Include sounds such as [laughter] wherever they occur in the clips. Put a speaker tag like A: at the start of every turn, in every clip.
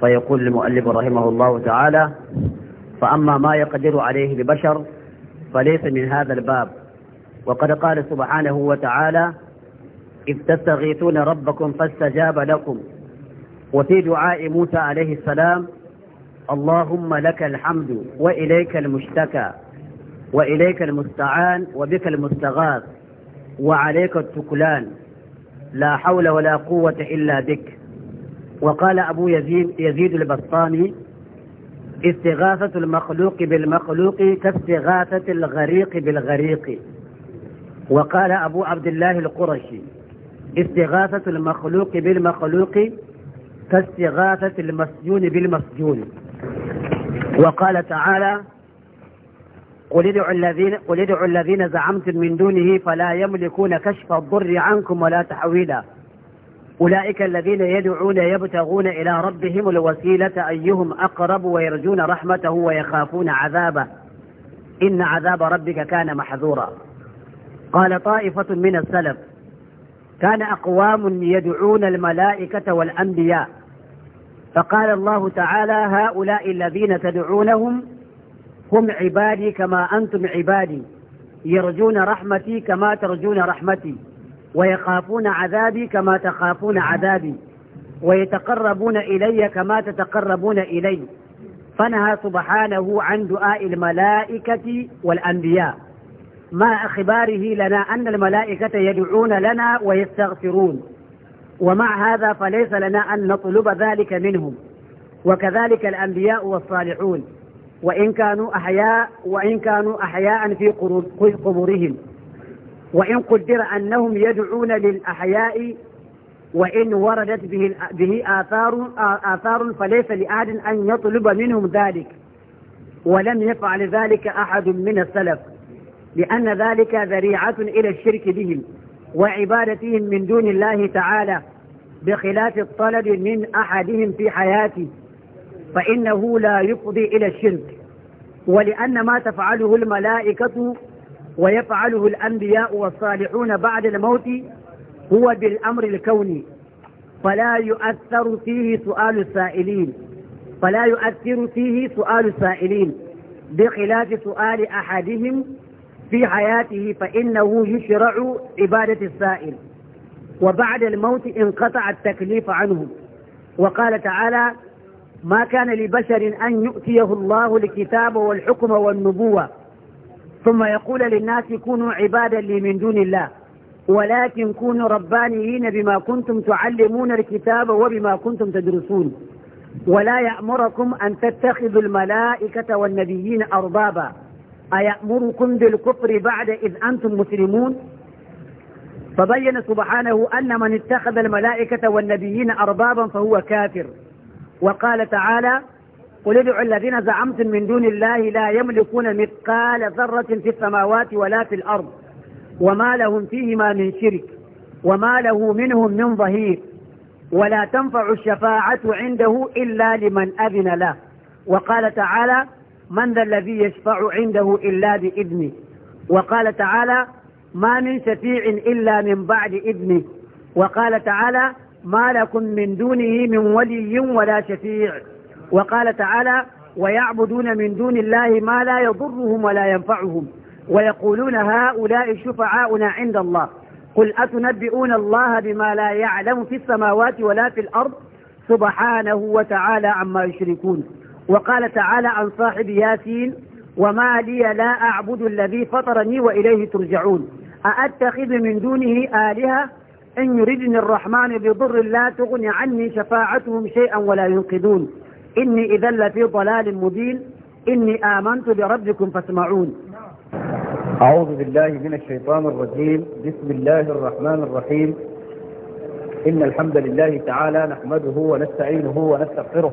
A: فيقول المؤلف رحمه الله تعالى فأما ما يقدر عليه البشر فليس من هذا الباب وقد قال سبحانه وتعالى إذ تستغيثون ربكم فاستجاب لكم وفي دعاء موسى عليه السلام اللهم لك الحمد وإليك المشتكى وإليك المستعان وبك المستغاث وعليك التكلان لا حول ولا قوة إلا بك وقال أبو يزيد, يزيد البسطامي استغاثة المخلوق بالمخلوق كاستغاثة الغريق بالغريق وقال أبو عبد الله القرشي استغاثة المخلوق بالمخلوق كاستغاثة المسجون بالمسجون وقال تعالى قل ادعوا الذين قل ادعوا الذين زعمتم من دونه فلا يملكون كشف الضر عنكم ولا تحويلا أولئك الذين يدعون يبتغون إلى ربهم الوسيلة أيهم أقرب ويرجون رحمته ويخافون عذابه إن عذاب ربك كان محذورا قال طائفة من السلف كان أقوام يدعون الملائكة والأنبياء فقال الله تعالى هؤلاء الذين تدعونهم هم عبادي كما أنتم عبادي يرجون رحمتي كما ترجون رحمتي ويخافون عذابي كما تخافون عذابي ويتقربون إلي كما تتقربون إلي فنهى سبحانه عن دعاء الملائكة والأنبياء مع أخباره لنا أن الملائكة يدعون لنا ويستغفرون ومع هذا فليس لنا أن نطلب ذلك منهم وكذلك الأنبياء والصالحون وإن كانوا أحياء وإن كانوا أحياء في قبورهم وإن قدر أنهم يدعون للأحياء وإن وردت به, به آثار, آثار فليس لأحد أن يطلب منهم ذلك ولم يفعل ذلك أحد من السلف لأن ذلك ذريعة إلى الشرك بهم وعبادتهم من دون الله تعالى بخلاف الطلب من أحدهم في حياته فإنه لا يفضي إلى الشرك ولأن ما تفعله الملائكة ويفعله الأنبياء والصالحون بعد الموت هو بالأمر الكوني فلا يؤثر فيه سؤال السائلين فلا يؤثر فيه سؤال السائلين بخلاف سؤال أحدهم في حياته فإنه يشرع عبادة السائل وبعد الموت انقطع التكليف عنه وقال تعالى ما كان لبشر أن يؤتيه الله الكتاب والحكم والنبوة ثم يقول للناس كونوا عبادا لي من دون الله ولكن كونوا ربانيين بما كنتم تعلمون الكتاب وبما كنتم تدرسون ولا يأمركم أن تتخذوا الملائكة والنبيين أربابا أيأمركم بالكفر بعد إذ أنتم مسلمون فبين سبحانه أن من اتخذ الملائكة والنبيين أربابا فهو كافر وقال تعالى قل ادعوا الذين زعمتم من دون الله لا يملكون مثقال ذرة في السماوات ولا في الأرض وما لهم فيهما من شرك وما له منهم من ظهير ولا تنفع الشفاعة عنده إلا لمن أذن له وقال تعالى من ذا الذي يشفع عنده إلا بإذنه وقال تعالى ما من شفيع إلا من بعد إذنه وقال تعالى ما لكم من دونه من ولي ولا شفيع وقال تعالى ويعبدون من دون الله ما لا يضرهم ولا ينفعهم ويقولون هؤلاء شفعاؤنا عند الله قل أتنبئون الله بما لا يعلم في السماوات ولا في الأرض سبحانه وتعالى عما يشركون وقال تعالى عن صاحب ياسين وما لي لا أعبد الذي فطرني وإليه ترجعون أأتخذ من دونه آلهة إن يردني الرحمن بضر لا تغني عني شفاعتهم شيئا ولا ينقذون إني إذا لفي ضلال مبين إني آمنت بربكم فاسمعون
B: أعوذ بالله من الشيطان الرجيم بسم الله الرحمن الرحيم إن الحمد لله تعالى نحمده ونستعينه ونستغفره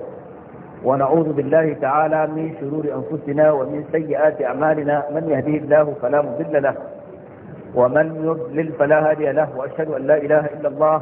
B: ونعوذ بالله تعالى من شرور أنفسنا ومن سيئات أعمالنا من يهديه الله فلا مضل له ومن يضلل فلا هادي له وأشهد أن لا إله إلا الله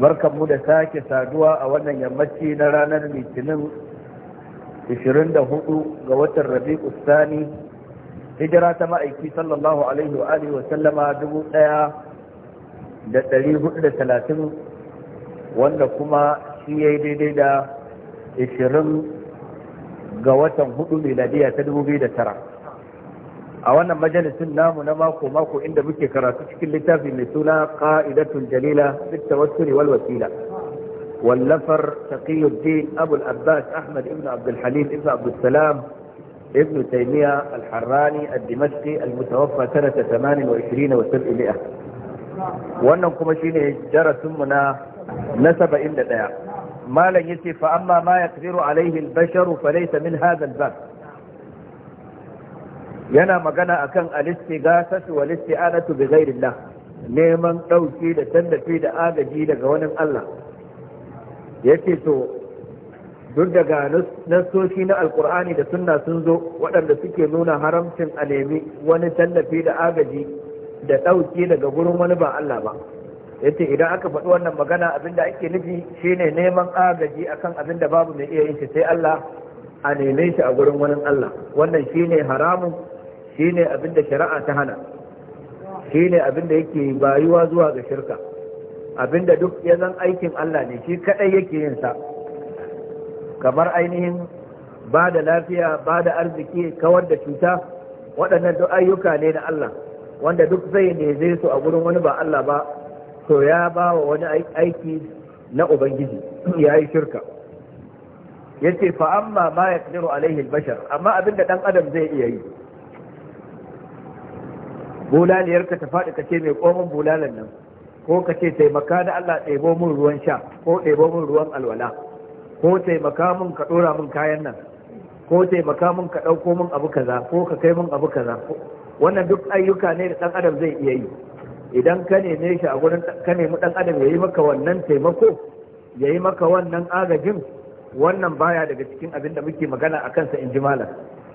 B: barkanmu da sake saduwa a wannan yammaci na ranar litinin 24 ga watan rabi'u sani hijira ta ma'aiki sallallahu alaihi wa alihi wa sallama dubu da da hudu talatin wanda kuma shi yayi daidai da 20 ga watan 4 miladiya ta dubu biyu da tara. a wannan majalisin namu na mako mako inda muke karatu cikin littafi mai suna qa'idatul jalila fit tawassuli wal wasila wallafar taqiyuddin abu al-abbas ahmad ibn abd al-halim ibn abd salam ibn taymiya al-harrani ad-dimashqi al-mutawaffa sanata 28 wa 700 wannan kuma shine darasin mu na na 71 malan yace fa amma ma yaqdiru alayhi al bashar fa laysa min hadha al-bab yana magana akan al-istighathatu wal isti'anatu bi ghairillah neman dauki da tallafi da agaji daga wani Allah yace to duk daga nasoshi na alkur'ani da sunna sun zo waɗanda suke nuna haramcin a nemi wani tallafi da agaji da ɗauki daga gurin wani ba Allah ba yace idan aka faɗi wannan magana abinda ake nufi shine neman agaji akan abinda babu mai iya yin shi sai Allah a neme shi a gurin wani Allah wannan shine haramun shine abin da shari'a ta hana shine abin da yake bayuwa zuwa ga shirka abin da duk ya zan aikin Allah ne shi kadai yake yin sa kamar ainihin ba da lafiya ba da arziki kawar da cuta waɗannan duk ayyuka ne na Allah wanda duk zai ne zai su a gurin wani ba Allah ba to ya ba wa wani aiki na Ubangiji ya yi shirka yace ce amma ma ya alaihi bashar amma abinda da ɗan adam zai iya yi bulaliyarka ta faɗi ka ce mai komin bulalan nan ko ka ce taimaka da Allah ɗebo mun ruwan sha ko ɗebo mun ruwan alwala ko taimaka mun ka ɗora mun kayan nan ko taimaka mun ka ɗauko mun abu kaza ko ka kai mun abu kaza wannan duk ayyuka ne da ɗan adam zai iya yi idan ka neme shi a gurin ka nemi ɗan adam ya yi maka wannan taimako ya yi maka wannan agajin wannan baya daga cikin abin da muke magana a kansa in ji malam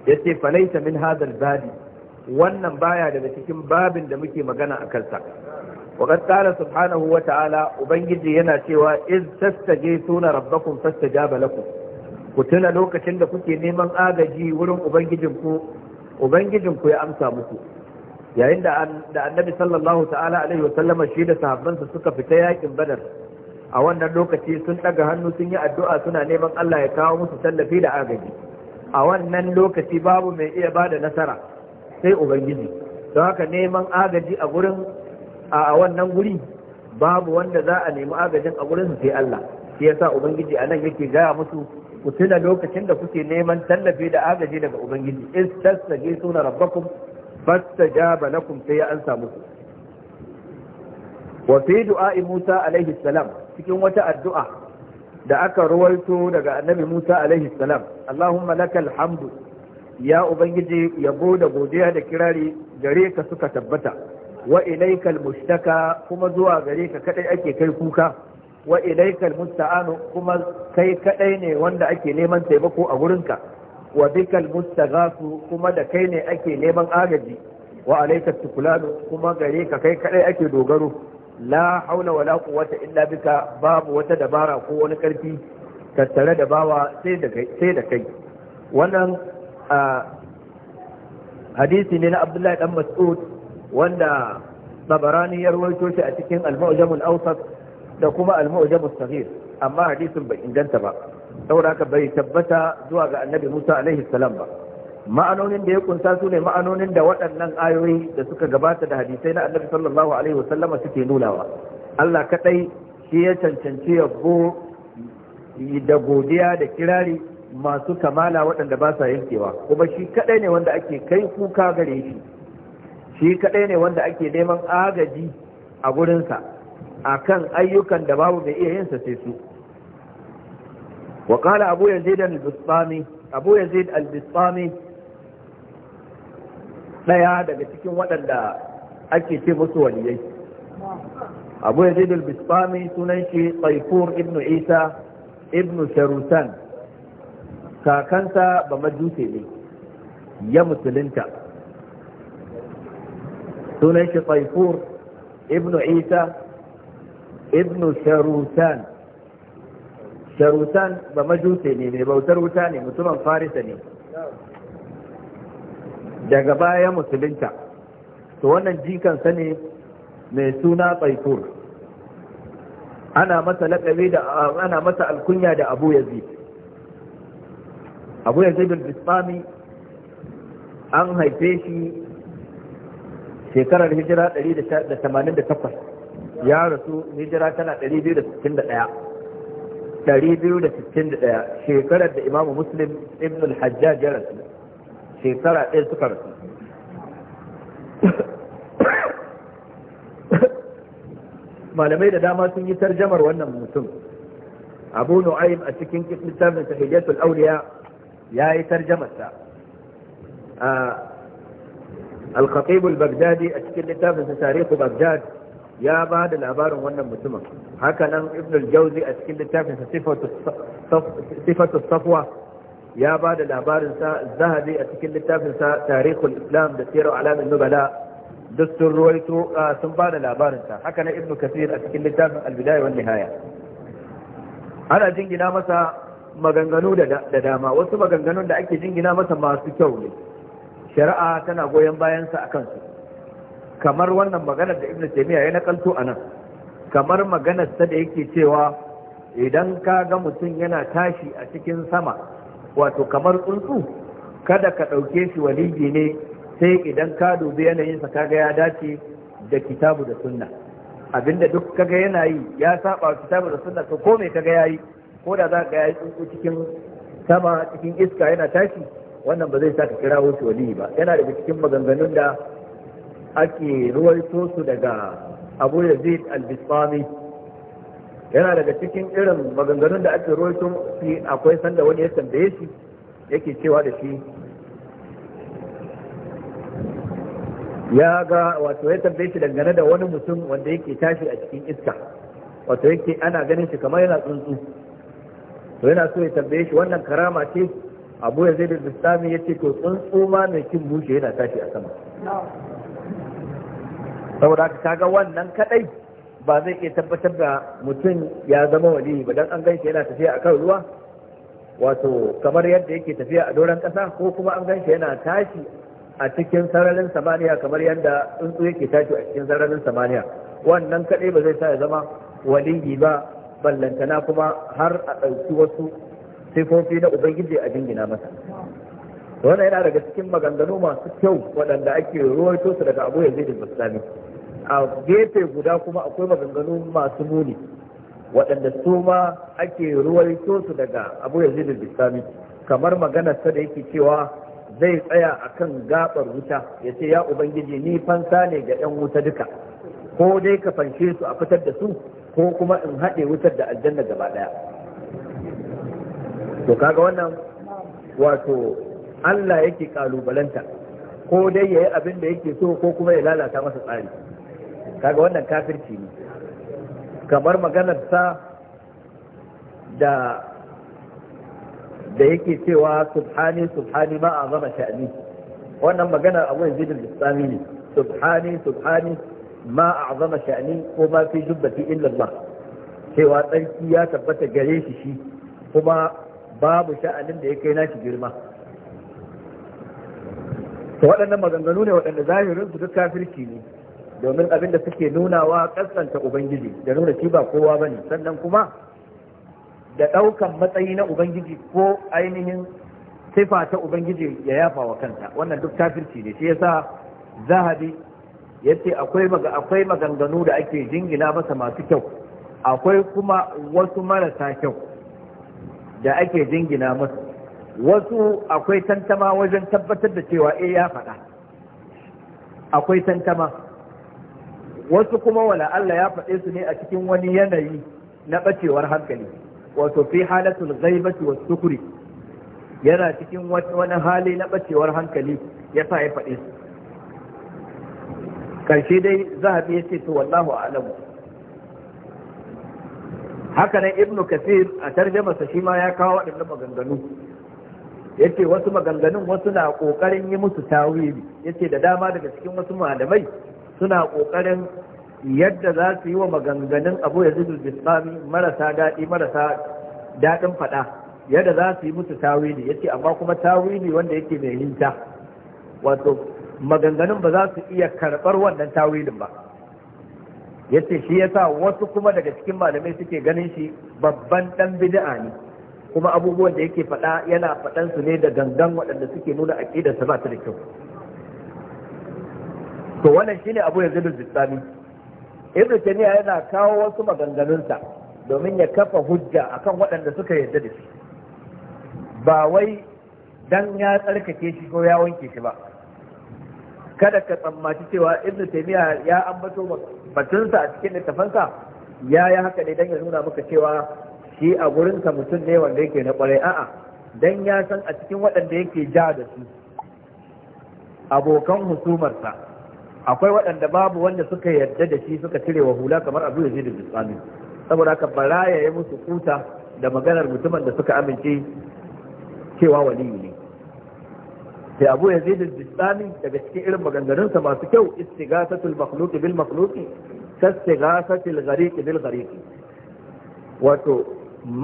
B: ya ce falaita min hadal badi wannan baya daga cikin babin da muke magana a kansa وقد subhanahu wa ta'ala ubangiji yana cewa iz suna rabbakun fastajaba lakum ku tuna lokacin da kuke neman agaji wurin ubangijinku ubangijinku ya amsa muku yayin da annabi sallallahu ta'ala alaihi wa sallama shi da sahabbansa suka fita yakin badar a wannan lokaci sun daga hannu sun yi addu'a suna neman Allah ya kawo musu tallafi da agaji a wannan lokaci babu mai iya ba da nasara sai ubangiji don haka neman agaji a gurin a wannan guri babu wanda za a nemi agajin a gurin sai Allah shi yasa ubangiji anan yake gaya musu ku tuna lokacin da kuke neman tallafi da agaji daga ubangiji in tasage suna rabbakum fastajaba lakum sai ya ansa ku wa fi du'a Musa alaihi salam cikin wata addu'a da aka ruwaito daga annabi Musa alaihi salam Allahumma lakal hamdu ya ubangiji yabo da godiya da kirari gare ka suka tabbata wa ilaikal mustaka kuma zuwa gare ka kadai ake kai kuka wa ilaikal musta'anu kuma kai kadai ne wanda ake neman taimako a gurinka wa bikal mustaghafu kuma da kai ne ake neman agaji wa alayka tukulanu kuma gare ka kai kadai ake dogaro la haula wala quwwata illa bika babu wata dabara ko wani karfi tattare da bawa sai da kai sai da kai wannan a hadisi ne na abdullahi dan mas'ud wanda tabarani ya rawaito shi a cikin al-mu'jamul awsat da kuma al-mu'jamus saghir amma hadisin bai inganta ba saboda haka bai tabbata zuwa ga annabi Musa alaihi salam ba ma'anonin da ya kunsa su ne ma'anonin da waɗannan ayoyi da suka gabata da hadisai na annabi sallallahu alaihi wasallam suke nunawa Allah kadai shi ya cancanci yabo da godiya da kirari masu kamala waɗanda ba sa yankewa kuma shi kaɗai ne wanda ake kai kuka gare shi shi kaɗai ne wanda ake neman agaji a gurinsa a kan ayyukan da babu mai iya yinsa sai su wakala abu yanzu da da al ɗaya daga cikin waɗanda ake ce musu waliyai abu yanzu da al-bisbami sunan shi tsaifur ibnu isa ibnu sharusan kakansa ba majuse ne ya musulunta sunan shi tsaifur ibnu isa ibnu sharutan sharutan ba majuse ne mai bautar wuta ne mutumin farisa ne daga baya musulunta to wannan jikansa ne mai suna tsaifur ana masa da ana masa alkunya da abu yazid abu ya zai bisfami an haife shi shekarar hijira 188 ya rasu hijira tana 261 261 shekarar da imamu muslim ibn al-hajjaj ya rasu shekara ɗaya suka rasu [coughs] malamai da dama sun yi tarjamar wannan mutum abu nu'aym a cikin littafin sahihatul awliya ya yi tarjamarsa al-khatib a cikin littafinsa tarihu baghdad ya ba da labarin wannan mutumin haka nan a cikin littafinsa sifatu safwa ya ba da labarinsa zahabi a cikin littafinsa tarihul islam da sirar alamin nubala duk sun ruwaito sun ba da labarinsa haka na kasir a cikin littafin albidaya wani haya ana jingina masa maganganu da dama wasu maganganun da ake jingina masa masu kyau ne shari'a tana goyon bayansa a kansu kamar wannan maganar da ibn taymiya ya nakalto a nan kamar maganar ta da yake cewa idan ka ga mutum yana tashi a cikin sama wato kamar tsuntsu kada ka ɗauke shi waliji ne sai idan ka dubi yanayinsa kaga ya dace da kitabu da sunna abinda duk kaga yana yi ya saba kitabu da sunna to ko me kaga yayi ko da za ka yi tsuntsu cikin sama cikin iska yana tashi wannan ba zai sa ka kira wasu wali ba yana daga cikin maganganun da ake ruwaito su daga abu da al albisfami yana daga cikin irin maganganun da ake ruwaito shi akwai sanda wani ya tambaye shi yake cewa da shi ya ga wato ya tambaye shi dangane da wani mutum wanda yake tashi a cikin iska wato yake ana ganin shi kamar yana tsuntsu to yana so ya tambaye shi wannan karama ce abu ya zai da bistami ya ce to tsuntsu ma mai kin bushe yana tashi a sama saboda haka kaga wannan kadai ba zai iya tabbatar da mutum ya zama wali ba dan an ganshi yana tafiya a kan ruwa wato kamar yadda yake tafiya a doron kasa ko kuma an ganshi yana tashi a cikin sararin samaniya kamar yadda tsuntsu yake tashi a cikin sararin samaniya wannan kadai ba zai sa ya zama waliyi ba ballantana kuma har a ɗauki wasu sifofi na ubangiji a jingina masa wannan yana daga cikin maganganu masu kyau waɗanda ake ruwaito su daga abu yanzu da a gefe guda kuma akwai maganganu masu muni waɗanda su ma ake ruwaito su daga abu yanzu da kamar maganar sa da yake cewa zai tsaya a kan gaɓar wuta ya ce ya ubangiji ni fansa ne ga 'yan wuta duka ko dai ka fanshe su a fitar da su ko kuma in haɗe wutar da aljanna gaba ɗaya to kaga wannan wato Allah yake kalubalanta ko dai yayi abin da yake so ko kuma ya lalata masa tsari kaga wannan kafirci ne kamar maganar sa da da yake cewa subhani subhani ma azama wannan maganar abu yanzu da ne subhani subhani ma a'zama sha'ni ko ma fi jubbati illa Allah cewa tsarki ya tabbata gare shi shi kuma babu sha'anin da ya kai nashi girma to waɗannan maganganu ne waɗanda zahirin su duk kafirci ne domin abin da suke nunawa kasanta ubangiji da nuna shi ba kowa bane sannan kuma da ɗaukan matsayi na ubangiji ko ainihin sifa ta ubangiji ya yafa wa kanta wannan duk kafirci ne shi yasa zahabi yace akwai akwai maganganu da ake jingina masa masu kyau akwai kuma wasu marasa kyau da ake jingina masa wasu akwai tantama wajen tabbatar da cewa eh ya faɗa akwai tantama wasu kuma wala Allah ya faɗe su ne a cikin wani yanayi na ɓacewar hankali wato fi halatul ghaibati was sukri yana cikin wani hali na ɓacewar hankali ya sa ya faɗe su karshe dai zahabi ya ce to wallahu a'lamu haka nan ibnu kasir a tarjamasa shi ma ya kawo waɗannan maganganu yace wasu maganganun wasu na kokarin yi musu tawili yace da dama daga cikin wasu malamai suna kokarin yadda za su yi wa maganganun abu ya zuzu bisami marasa daɗi marasa daɗin faɗa yadda za su yi musu tawili yace amma kuma tawili wanda yake mai hinta wato maganganun ba za su iya karɓar wannan tawilin ba yace shi yasa wasu kuma daga cikin malamai suke ganin shi babban dan bid'a ne kuma abubuwan da yake faɗa yana faɗan su ne da gangan waɗanda suke nuna aƙidarsa ba ta da kyau to wannan shine abu yanzu da zitsami ibnu taymiya yana kawo wasu maganganunsa domin ya kafa hujja akan waɗanda suka yarda da shi ba wai dan ya tsarkake shi ko ya wanke shi ba kada ka tsammaci cewa ibn taymiya ya ambato batunsa a cikin littafansa ya yi haka ne dan ya nuna maka cewa shi a gurin ka mutum ne wanda yake na kwarai a'a dan ya san a cikin waɗanda yake ja da su abokan hukumarsa, akwai waɗanda babu wanda suka yarda da shi suka cire wa hula kamar abu ya da bisani saboda haka bara ya yi musu kuta da maganar mutumin da suka amince cewa waliyu ne sai abu ya zai bistami daga cikin irin maganganunsa masu kyau istigasatul makhluqi bil makhluqi kastigasatul ghariqi bil ghariqi wato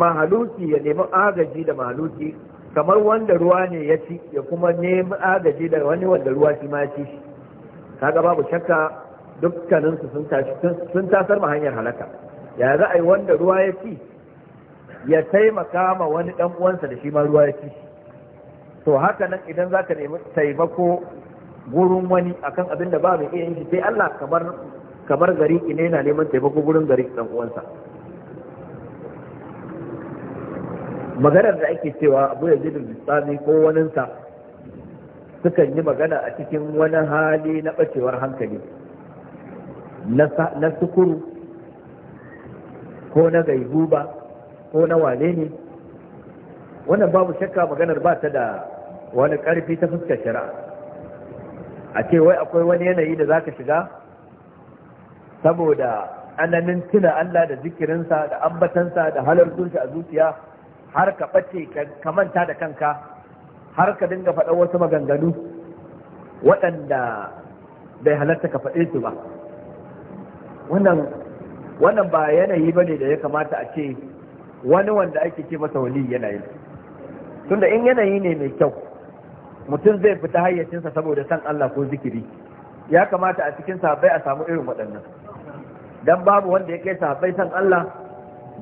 B: mahaluki ya nemi agaji da mahaluki kamar wanda ruwa ne ya ci ya kuma nemi agaji da wani wanda ruwa shi ma ya ci kaga babu shakka dukkaninsu sun tasar ma hanyar halaka ya za a yi wanda ruwa ya ci ya taimaka ma wani dan uwansa da shi ma ruwa ya ci shi to haka nan idan za ka nemi taimako gurin wani akan abin da ba mai iya yin sai Allah kamar kamar gari ina yana neman taimako gurin gari dan uwansa maganar da ake cewa abu ya bisani ko waninsa sukan yi magana a cikin wani hali na bacewar hankali na sukuru ko na gaibuba ko na wane ne wannan babu shakka maganar ba ta da wani karfi ta fuskar shari'a a ce wai akwai wani yanayi da za ka shiga saboda ananin tuna Allah da zikirinsa da ambatansa da halartunsa a zuciya har ka ɓace ka manta da kanka har ka dinga faɗa wasu maganganu waɗanda bai halarta ka faɗe su ba wannan ba yanayi ba ne da ya kamata a ce wani wanda ake ce masa wali yanayi tunda in yanayi ne mai kyau mutum zai fita hayyacinsa saboda san Allah ko zikiri ya kamata a cikin sahabbai a samu irin waɗannan dan babu wanda ya kai sahabbai san Allah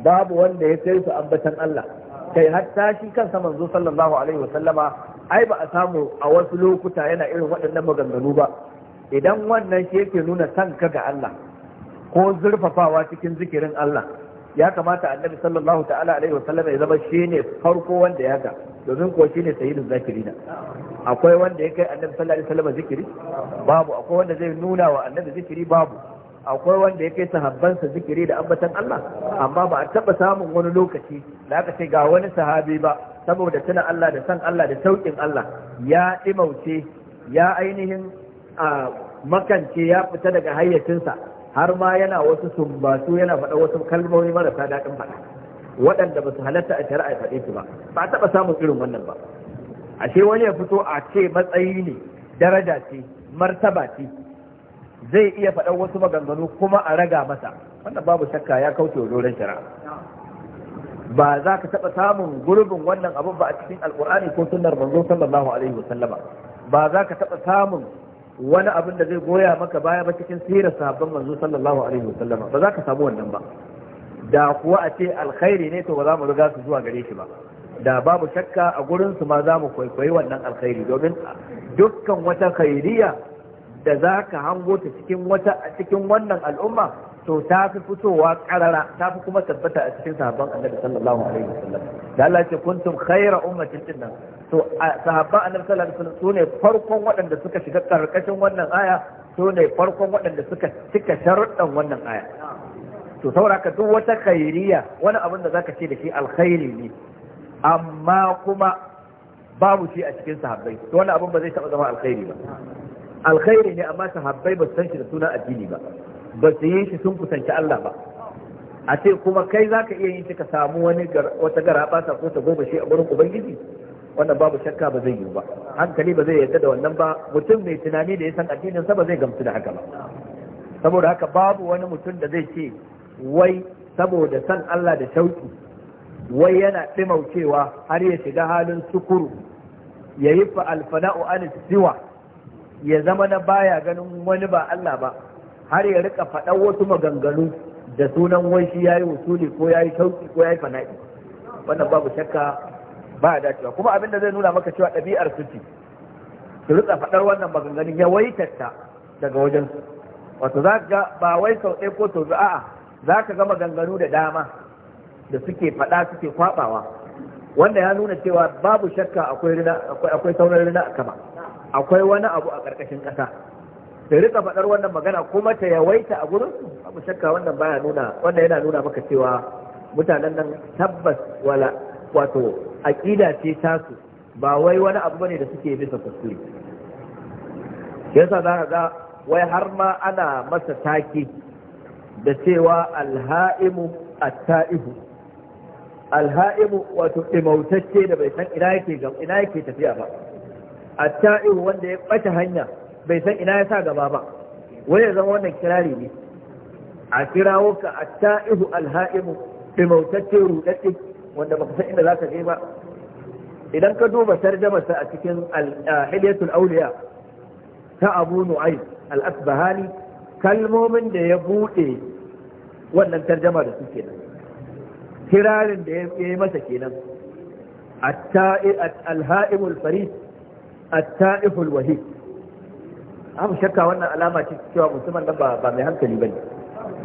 B: babu wanda ya kai su ambatan Allah kai hatta shi kansa manzo sallallahu alaihi wasallama ai ba a samu a wasu lokuta yana irin waɗannan maganganu ba idan wannan shi yake nuna san ka ga Allah ko zurfafawa cikin zikirin Allah ya kamata annabi sallallahu ta'ala alaihi wasallama ya zama ne farko wanda ya ga domin kuwa shine sayyidun zakirina akwai wanda ya kai annabi sallallahu alaihi wasallam zikiri babu akwai wanda zai nuna wa annabi zikiri babu akwai wanda ya kai sahabbansa zikiri da ambatan Allah amma ba a taba samun wani lokaci da aka ce ga wani sahabi ba saboda tuna Allah da san Allah da sauƙin Allah ya ɗimauce ya ainihin a makance ya fita daga hayyacinsa har ma yana wasu sumbatu yana faɗa wasu kalmomi marasa daɗin faɗa waɗanda ba su halatta a shari'a ya faɗe su ba ba taɓa samun irin wannan ba ashe wani ya fito a ce matsayi ne daraja ce martaba ce zai iya faɗan wasu maganganu kuma a raga masa wannan babu shakka ya kauce wa doron shari'a ba za ka taɓa samun gurbin wannan abun ba a cikin alkur'ani ko sunnar manzo sallallahu alaihi wa sallama ba za ka taɓa samun wani abin da zai goya maka baya ba cikin sirar sahabban manzo sallallahu alaihi wa sallama ba za ka samu wannan ba da kuwa a ce alkhairi ne to ba za mu riga su zuwa gare shi ba da babu shakka a gurin su ma za mu kwaikwayi wannan alkhairi domin dukkan wata khairiya da za ka hango ta cikin wata a cikin wannan al'umma to ta fi fitowa karara ta fi kuma tabbata a cikin sahabban annabi sallallahu alaihi wasallam da Allah ce kuntum khayra ummatin dinnan to sahabban annabi sallallahu alaihi wasallam sune farkon waɗanda suka shiga karkashin wannan aya sune farkon waɗanda suka cika sharuɗan wannan aya to sauraka duk wata khairiyya wani abin da zaka ce da shi alkhairi ne amma kuma babu shi a cikin sahabbai to wani abin ba zai taɓa zama alkhairi ba alkhairi ne amma sahabbai ba su san shi da sunan addini ba ba su yi shi sun kusanci Allah ba a ce kuma kai zaka iya yin shi ka samu wani wata gara ba ta ko ta goma shi a gurin ubangiji wannan babu shakka ba zai yiwu ba hankali ba zai yarda da wannan ba mutum mai tunani da ya san addinin sa ba zai gamsu da haka ba saboda haka babu wani mutum da zai ce wai saboda san Allah da shauki wai yana ɗimaucewa har ya shiga halin sukuru ya yi alfana'u an siwa ya zama na baya ganin wani ba Allah ba har ya rika faɗa wasu maganganu da sunan wai shi yayi usuli ko yayi shauki ko yayi fana'i wannan babu shakka ba dacewa kuma abin da zai nuna maka cewa ɗabi'ar su ce su rika faɗar wannan maganganun ya waitarta daga wajen wato za ga ba wai sau ɗaya ko sau a'a za ka gama ganganu da dama da suke faɗa suke kwabawa wanda ya nuna cewa babu shakka akwai saunar rina a kama akwai wani abu a ƙarƙashin ƙasa da rika faɗar wannan magana kuma ta yawaita a gurin babu shakka wannan baya nuna wanda yana nuna maka cewa mutanen nan tabbas wala wato aƙida ce tasu ba wai wani abu bane da suke bisa kuskure yasa za ka ga wai har ma ana masa take da cewa alha'imu attaihu alha'imu wato imautacce da bai san ina yake ina yake tafiya ba attaihu wanda ya ɓata hanya bai san ina ya sa gaba ba wai ya zama wannan kirari ne a kirawo ka attaihu alha'imu imautacce rudadde wanda baka san inda za ka je ba idan ka duba tarjamarsa a cikin al-hidayatul awliya ta Abu Nu'aym al-Asbahani kalmomin da ya buɗe wannan tarjama da suke nan, kirarin da ya yi masa kenan alha'imul farid atta'iful wahid abu shakka wannan alama ce cewa musamman nan ba mai hankali bane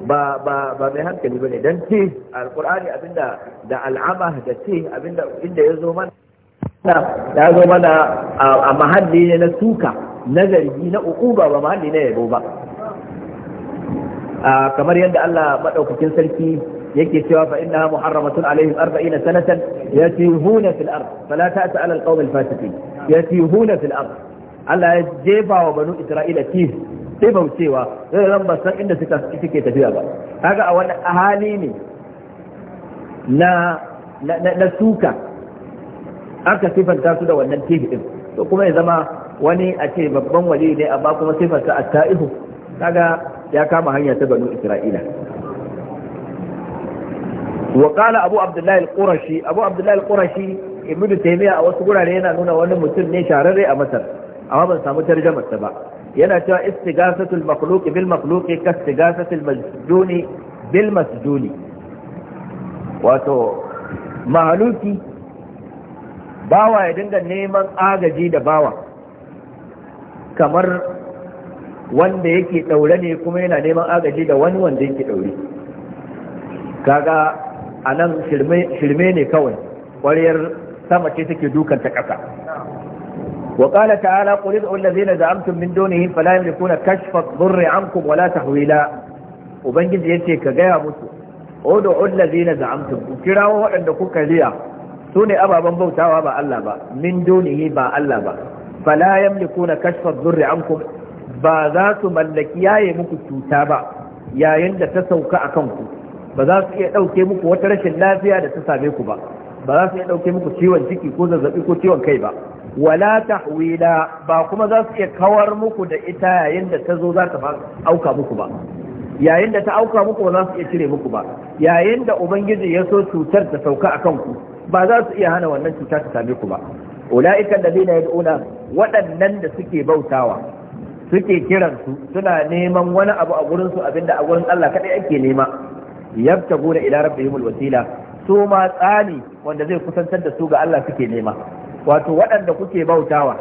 B: ba ba mai hankali bane dan ce alqur'ani abinda da al'ama da ce abinda inda yazo mana ya zo mana a mahalli ne na suka na zargi na uku ba mahalli na yabo ba kamar yadda Allah maɗaukakin sarki yake cewa fa innaha muharramatun alaihim 40 sanatan yatihuna fil ard fala ta'ta ala alqawm alfasiqin yatihuna fil ard Allah ya jefa wa banu Isra'ila ti sai baucewa zai ran ba san inda suka suke tafiya ba kaga a wani hali ne na na suka aka sifanta su da wannan tif din to kuma ya zama wani a ce babban wali ne amma kuma sifarsa at-ta'ihu kaga ya kama hanya ta banu isra'ila wa qala abu abdullahi al-qurashi abu abdullahi al-qurashi ibnu taymiya a wasu gurare yana nuna wani mutum ne shararre a masar amma ban samu tarjumar ta ba yana cewa istigasatul makhluq bil makhluq ka istigasatul majduni bil masjuni wato mahaluki bawa ya dinga neman agaji da bawa kamar wanda yake daure ne kuma yana neman agaji da wani wanda yake daure kaga a nan shirme ne kawai ƙwariyar sama ce take dukan ta ƙasa wa qala ta'ala qul id'u allazina za'amtum min dunihim fala yamlikuna kashfa dhurri 'ankum wala tahwila ubangiji yace ka gaya musu odo allazina za'amtum ku kirawo waɗanda kuka riya Sune ababen bautawa ba Allah ba min dunihi ba Allah ba fala yamlikuna ba za su mallaki yaye muku cuta ba yayin da ta sauka a kanku ba za su iya ɗauke muku wata rashin lafiya da ta same ku ba ba za su iya ɗauke muku ciwon ciki ko zazzabi ko ciwon kai ba wala tahwila ba kuma za su iya kawar muku da ita yayin da ta zo za ta auka muku ba yayin da ta auka muku ba za su iya cire muku ba yayin da ubangiji ya so cutar ta sauka a kanku ba za su iya hana wannan cuta ta same ku ba ula'ikan da yad'una waɗannan da suke bautawa suke kiransu suna neman wani abu a su abinda a gurin Allah kadai ake nema yabtaguna ila rabbihimul wasila su ma tsani wanda zai kusantar da su ga Allah suke nema wato waɗanda kuke bautawa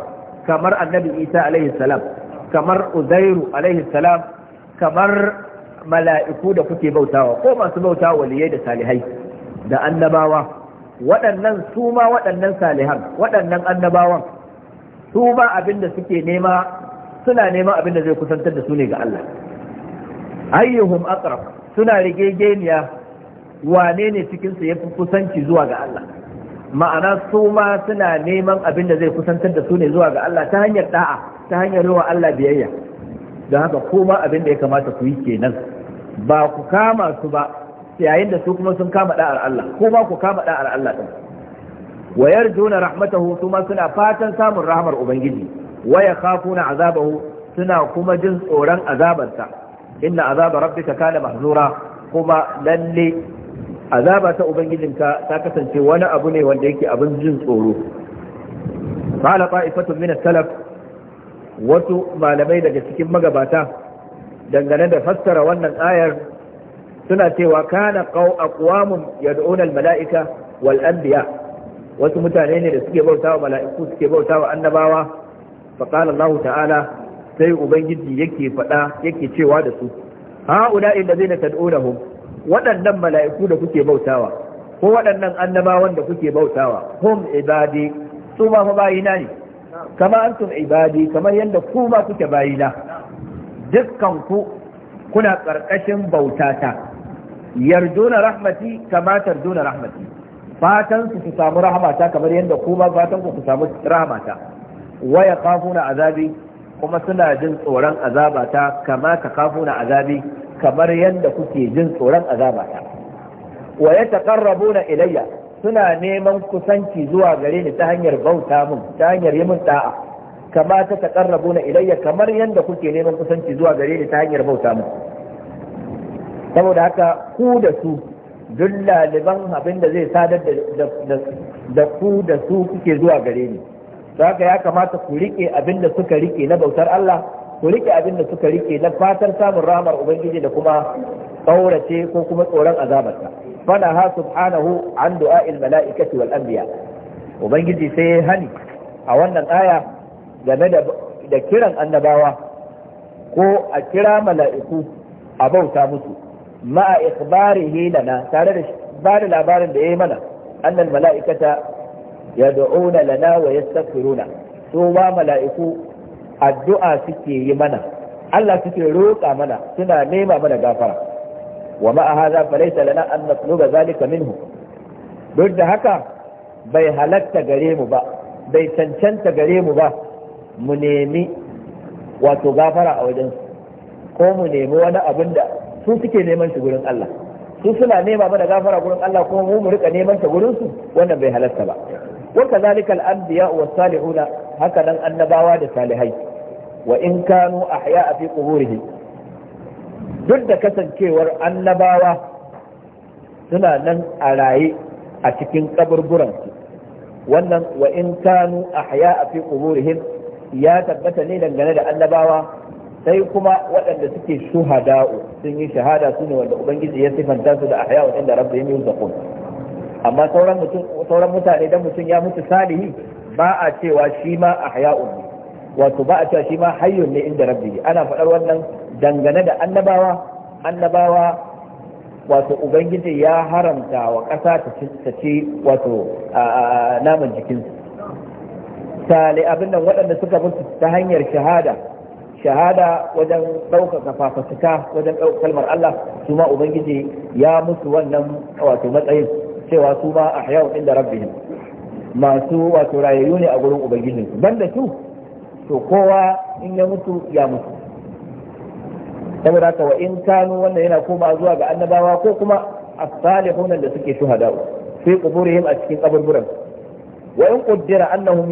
B: kamar annabi Isa alaihi salam kamar Uzairu alaihi salam kamar mala'iku da kuke bautawa ko masu bautawa waliyai da salihai da annabawa waɗannan su ma waɗannan salihan waɗannan annabawan su ma abinda suke nema suna neman abin da zai kusantar da su ne ga Allah ayyuhum aqrab suna rigegeniya wane ne cikin su yafi kusanci zuwa ga Allah ma'ana su ma suna neman abin da zai kusantar da su ne zuwa ga Allah ta hanyar da'a ta hanyar yawa Allah biyayya don haka kuma abin da ya kamata ku yi kenan ba ku kama su ba yayin da su kuma sun kama da'ar Allah kuma ku kama da'ar Allah din wa rahmatahu kuma suna fatan samun rahmar ubangiji wa na azabahu suna kuma jin tsoron azabarsa inna azaba rabbika kana mahzura kuma lalle azaba ta ubangijinka ta kasance wani abu ne wanda yake abin jin tsoro qala ta'ifatu min salaf wasu malamai daga cikin magabata dangane da fassara wannan ayar suna cewa kana qaw aqwamun yad'una al-mala'ika wal anbiya wasu mutane ne da suke bautawa mala'iku suke bautawa annabawa فقال الله تعالى sai ubangiji yake faɗa yake cewa da su ha'ula illazina tad'unahum waɗannan mala'iku da kuke bautawa ko waɗannan annabawan da kuke bautawa hum ibadi su ma bayina ne kama antum ibadi kamar yadda ku ma kuke bayina dukkan ku kuna ƙarƙashin bautata yarduna rahmati kama tarduna rahmati fatan su samu rahmata kamar yadda ku ma fatan ku samu rahmata wa yakhafuna azabi kuma suna jin tsoron azabata kama takafuna azabi kamar yadda kuke jin tsoron azabata wa yataqarrabuna ilayya suna neman kusanci zuwa gare ni ta hanyar bauta mun ta hanyar yi mun da'a kama ta taqarrabuna ilayya kamar yadda kuke neman kusanci zuwa gare ni ta hanyar bauta mun saboda haka ku da su duk laliban abin da zai sadar da ku da su kuke zuwa gare ni haka ya kamata ku rike abin da suka rike na bautar Allah ku rike abin da suka rike na fatar samun ramar ubangiji da kuma kaurace ko kuma tsoron azabarsa fana ha subhanahu an du'a'il mala'ikati wal anbiya ubangiji sai ya hani a wannan aya game da kiran annabawa ko a kira mala'iku a bauta musu ma'a ikhbarihi lana tare da ba da labarin da ya yi mana annal mala'ikata yad'una lana wa yastaghfiruna su ma mala'iku addu'a suke yi mana Allah suke roƙa mana suna nema mana gafara wa ma hadha falaysa lana an natluba zalika minhu duk da haka bai halatta gare mu ba bai cancanta gare mu ba mu nemi wato gafara a wajen ko mu nemi wani abin da su suke neman shi gurin Allah su suna nema mana gafara gurin Allah kuma mu mu rika neman ta gurin su wannan bai halatta ba wa kadhalika al-anbiya wa salihuna haka nan annabawa da salihai wa in kanu fi duk da kasancewar annabawa suna nan a raye a cikin kaburburansu wannan wa in kanu ahya fi quburihim ya tabbata ne dangane da annabawa sai kuma waɗanda suke shuhada'u sun yi shahada su ne wanda ubangiji ya sifanta su da ahya wa inda rabbihim yurzaqun amma sauran mutane dan mutum ya mutu salihi ba a cewa shi ma ahya'un ne wato ba a cewa shi ma hayyun ne inda rabbi ana faɗar wannan dangane da annabawa annabawa wato ubangiji ya haramta wa ƙasa ta ci wato naman jikinsu sale abin nan waɗanda suka mutu ta hanyar shahada shahada wajen ɗaukaka fafasuka wajen ɗaukar kalmar Allah su ma ubangiji ya mutu wannan wato matsayin cewa su ma hayawa inda rabbihim masu wato rayayyu ne a gurin ubangijinsu banda su to kowa in ya mutu ya mutu saboda haka wa in kanu wannan yana koma zuwa ga annabawa ko kuma as-salihun da suke shuhada fi quburihim a cikin kaburburan wa in qaddara annahum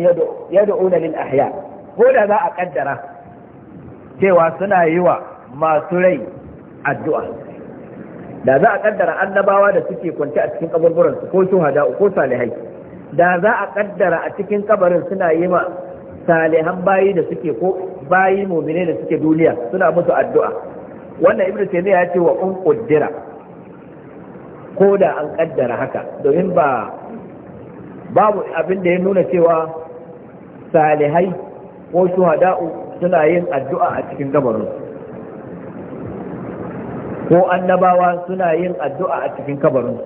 B: yad'una lil ahya ko da za a kaddara cewa suna yi wa masu rai addu'a da za a kaddara annabawa da suke kwance a cikin kaburburan su ko shuhada ko salihai da za a kaddara a cikin kabarin suna yi ma salihan bayi da suke ko bayi mu'mine da suke duniya suna musu addu'a wannan ibnu taymiya ya ce wa un qaddara ko da an kaddara haka domin ba babu abin da ya nuna cewa salihai ko shuhada'u suna yin addu'a a cikin kabarin ko annabawa suna yin addu'a a cikin kabarinsu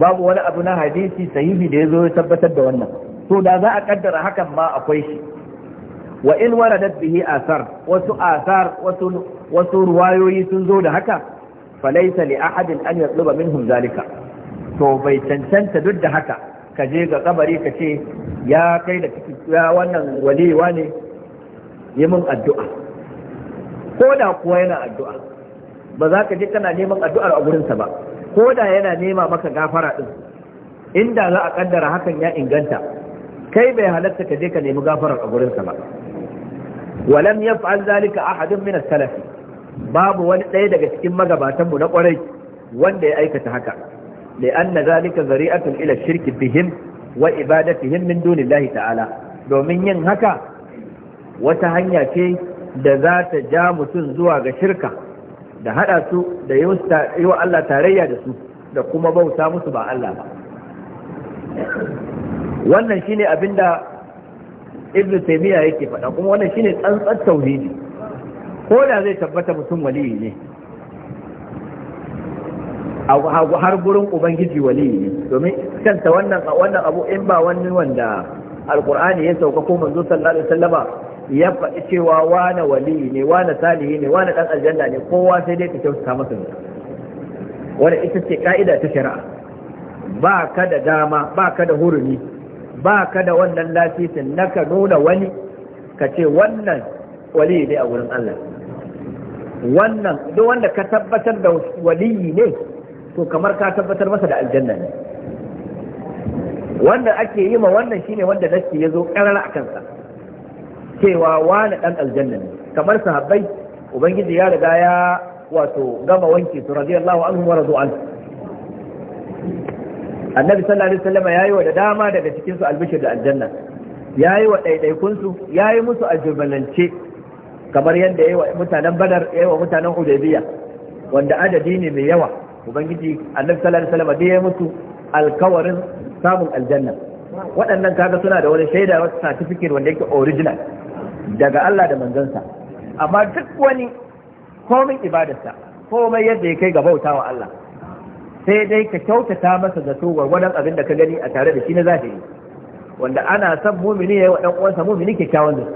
B: babu wani abu na hadisi sahihi da ya zo ya tabbatar da wannan to da za a kaddara hakan ma akwai shi wa in waradat bihi asar wasu asar wasu wasu ruwayoyi sun zo da haka falaisa li ahadin an yatluba minhum zalika to bai cancanta duk da haka ka je ga kabari ka ce ya kai da ya wannan waliwa ne yi min addu'a ko da kuwa yana addu'a ba za ka je kana neman addu'ar a gurinsa ba ko da yana nema maka gafara din inda za a kaddara hakan ya inganta kai bai halatta ka je ka nemi gafarar a gurinsa ba walam yaf'al zalika ahadun min as-salaf babu wani ɗaya daga cikin magabatan mu na kwarai wanda ya aikata haka لأن ذلك ذريعة إلى shirki بهم wa من دون الله ta'ala? domin yin haka wata hanya ce da za ta ja mutum zuwa ga shirka da hada su da yi wa Allah tarayya da su da kuma bauta musu ba Allah ba wannan shine abinda Ibn taymiya yake faɗa kuma wannan shine tsantsar tauhidi ko da zai tabbata mutum waliyi ne har gurin ubangiji waliyi ne domin kanta wannan abu in ba wani wanda alkur'ani ya sauka ko manzo sallallahu alaihi wasallama ya faɗi cewa wane wali ne wane salihi ne wane ɗan aljanna ne kowa sai dai ka kyautata masa ne Wani ita ce ka'ida ta shari'a ba ka da dama ba ka da hurumi ba ka da wannan lasisin na ka nuna wani ka ce wannan wali ne a wurin Allah wannan duk wanda ka tabbatar da waliyi ne to kamar ka tabbatar masa da aljanna ne wanda ake yi ma wannan shine wanda nasi ya zo karar a kansa cewa wani dan aljanna ne kamar sahabbai ubangiji ya riga ya wato gama wanke su radiyallahu anhu wa radu an annabi sallallahu alaihi wasallam yayi wa da dama daga cikin su albishir da aljanna yayi wa daidaikun su yayi musu ajubalance kamar yadda yayi wa mutanen badar yayi wa mutanen hudaybiya wanda adadi ne mai yawa ubangiji annabi sallallahu alaihi wasallam da ya musu alkawarin samun aljanna waɗannan kaga suna da wani shaida wata certificate wanda yake original daga Allah da manzansa amma duk wani komin ibadarsa komai yadda ya kai ga bauta wa Allah sai dai ka kyautata masa zato gwargwadon abin da ka gani a tare da shi na zahiri wanda ana son mumini ya yi wa ɗan uwansa mumini kyakkyawan zato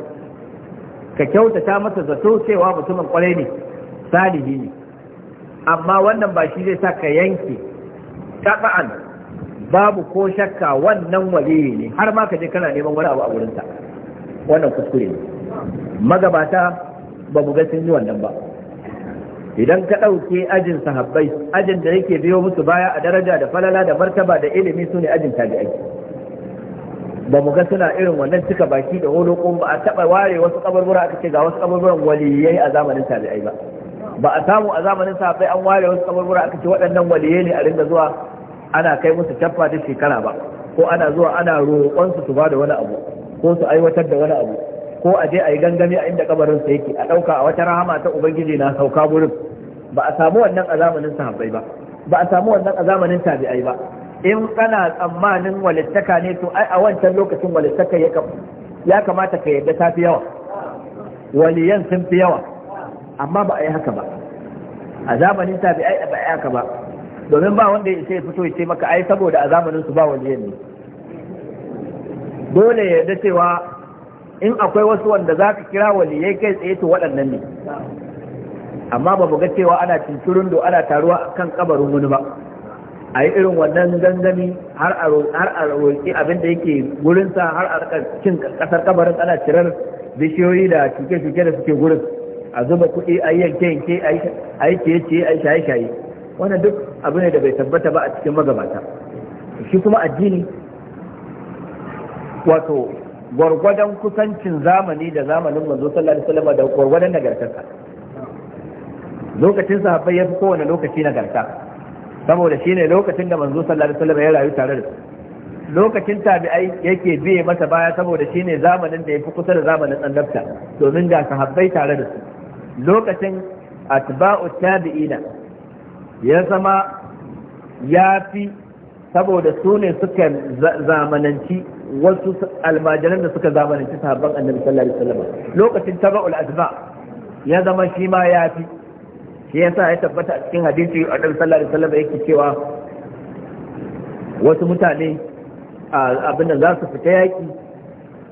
B: ka kyautata masa zato cewa mutumin kwarai ne salihi ne amma wannan ba shi zai sa ka yanke taba'an babu ko shakka wannan waliyi ne har ma ka je kana neman wani abu a wurinsa wannan kuskure ne magabata ba mu ga sun yi wannan ba idan ka ɗauke ajin sahabbai ajin da yake biyo musu baya a daraja da falala da martaba da ilimi su ne ajin tabi'ai ba mu ga suna irin wannan cika baki da ko ba a taɓa ware wasu kaburbura aka ce ga wasu kaburburan waliyai a zamanin tabi'ai ba ba a samu a zamanin sahabbai an ware wasu kaburbura aka ce waɗannan waliyai ne a ringa zuwa ana kai musu caffa duk shekara ba ko ana zuwa ana roƙon su su ba da wani abu ko su aiwatar da wani abu ko a je a yi gangami a inda kabarin sa yake a ɗauka a wata rahama ta ubangiji na sauka gurin ba a samu wannan a zamanin sahabbai ba ba a samu wannan a zamanin tabi'ai ba in kana tsammanin walittaka ne to ai a wancan lokacin walittaka ya kamata ka yadda ta fi yawa waliyan sun fi yawa amma ba a yi haka ba a zamanin tabi'ai ba a yi haka ba domin ba wanda ya sai fito ya ce maka ai saboda a zamanin su ba waliyan ne dole ya yadda cewa in akwai wasu wanda za ka kira waliyai kai tsaye to waɗannan ne amma ba buga cewa ana cinturin do ana taruwa kan kabarin wani ba a yi irin wannan gangami har a roƙi abin da yake gurinsa har a cin ƙasar kabarin ana cirar bishiyoyi da shuke-shuke da suke gurin a zuba kuɗi a yi yanke-yanke a yi ciye-ciye a yi shaye-shaye wannan duk abu ne da bai tabbata ba a cikin magabata shi kuma addini wato gwargwadon kusancin zamani da zamanin manzo sallallahu alaihi wasallam da gwargwadon nagartarsa lokacin sahabbai ya fi kowane lokaci nagarta saboda shine lokacin da manzo sallallahu alaihi wasallam ya rayu tare da su lokacin tabi'ai yake biye masa baya saboda shine zamanin da ya fi kusa da zamanin annabta domin ga sahabbai tare da su lokacin atba'u tabi'ina ya zama ya fi saboda su ne suka zamananci wasu almajiran da suka zamananci sahabban annabi sallallahu alaihi wasallam lokacin tabaul asba ya zama shi ma ya fi shi yasa ya tabbata a cikin hadisi annabi sallallahu alaihi wasallam yake cewa wasu mutane abinda za su fita yaki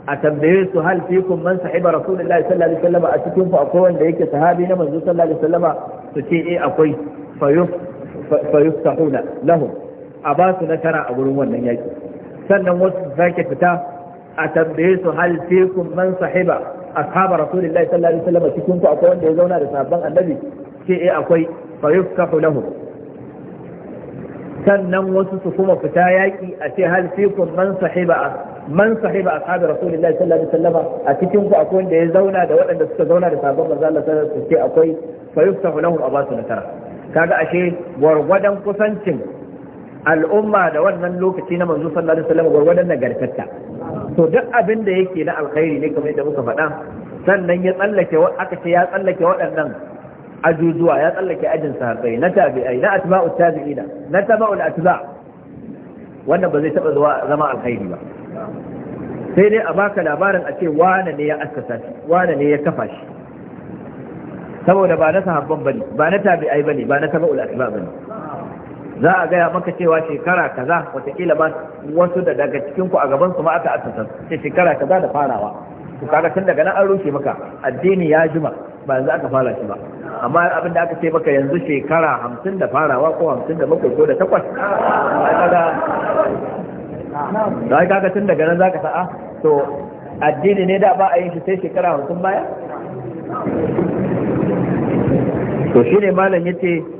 B: a tambaye su hal fikum man sahiba rasulullahi sallallahu alaihi wasallam a cikin ku akwai wanda yake sahabi na manzo sallallahu alaihi wasallam su ce eh akwai fayuf fayuftahuna lahum a ba su nasara a wurin wannan yaƙi. sannan wasu su sake fita a tambaye su hal fikum man sahiba ashaba rasulillahi sallallahu alaihi wasallam cikin ku akwai wanda ya zauna da sahabban annabi ce eh akwai fa yufkahu lahu sannan wasu su kuma fita yaƙi a ce hal fikum man sahiba man sahiba ashabi rasulillahi sallallahu alaihi wasallam a cikin ku akwai wanda ya zauna da waɗanda suka zauna da sahabban manzo Allah sallallahu alaihi wasallam ce akwai fa yufkahu lahu abasu nasara kaga ashe gwargwadon kusancin al'umma da wannan lokaci na manzo sallallahu alaihi wasallam gwargwadon nagartarta to duk abin da yake na alkhairi ne kamar yadda muka faɗa sannan ya tsallake aka ce ya tsallake waɗannan ajujuwa ya tsallake ajin sahabbai na tabi'ai na atba'u tabi'ina na tabi'ul atba wannan ba zai taɓa zuwa zama alkhairi ba sai dai a baka labarin a ce wane ne ya askasa shi wane ne ya kafa shi saboda ba na sahabban bane ba na tabi'ai bane ba na tabi'ul atba bane za a gaya maka cewa shekara kaza wataƙila ba wasu da daga cikin ku a gaban su ma aka asasa sai shekara kaza da farawa to kaga tun daga nan an rushe maka addini ya jima ba yanzu aka fara shi ba amma abin da aka ce maka yanzu shekara hamsin da farawa ko hamsin da bakwai ko da takwas da kaga tun daga nan zaka sa'a ah, to addini ne da ba a yin shi sai shekara hamsin baya to shine malam yace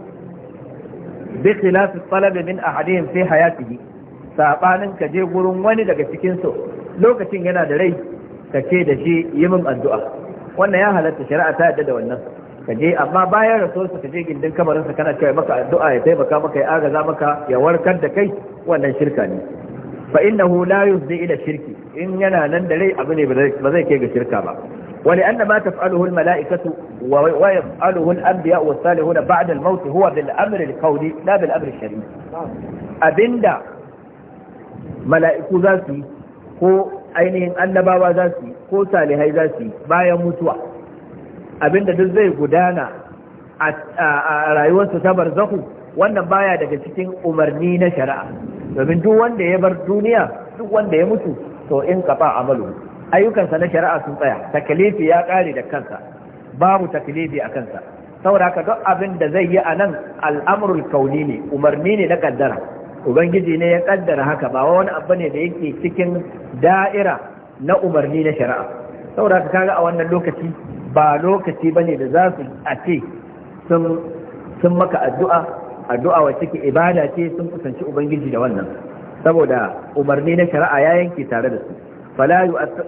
B: bi khilafi talabi min ahadihim fi hayatihi sabanin ka je gurin wani daga cikin su lokacin yana da rai ka ce da shi yi min addu'a wannan ya halatta shari'a ta yadda da wannan ka je amma bayan rasuwarsa ka je gindin kamarinsa kana cewa maka addu'a ya taimaka maka ya agaza maka ya warkar da kai wannan shirka ne fa innahu la yufdi ila shirki in yana nan da rai abu ne ba zai kai ga shirka ba ولأن ما تفعله الملائكة ويفعله الأنبياء والصالحون بعد الموت هو بالأمر القولي لا بالأمر الشرعي أبندا ملائكة ذاتي ko ainihin annabawa za su ko salihai za su bayan mutuwa abinda duk zai gudana a rayuwarsu ta barzahu wannan baya daga cikin umarni na shari'a domin duk wanda ya bar duniya duk wanda ya mutu to in kafa amalu ayyukansa na shari'a sun tsaya taklifi ya kare da kansa babu takalifi a kansa saboda haka duk abin da zai yi a nan al'amrul kauni ne umarni ne na kaddara ubangiji ne ya kaddara haka ba wani abu ne da yake cikin da'ira na umarni na shari'a saboda haka kaga a wannan lokaci ba lokaci bane da za su a ce sun sun maka addu'a addu'a wa cikin ibada ce sun kusanci ubangiji da wannan saboda umarni na shari'a ya yanke tare da su fala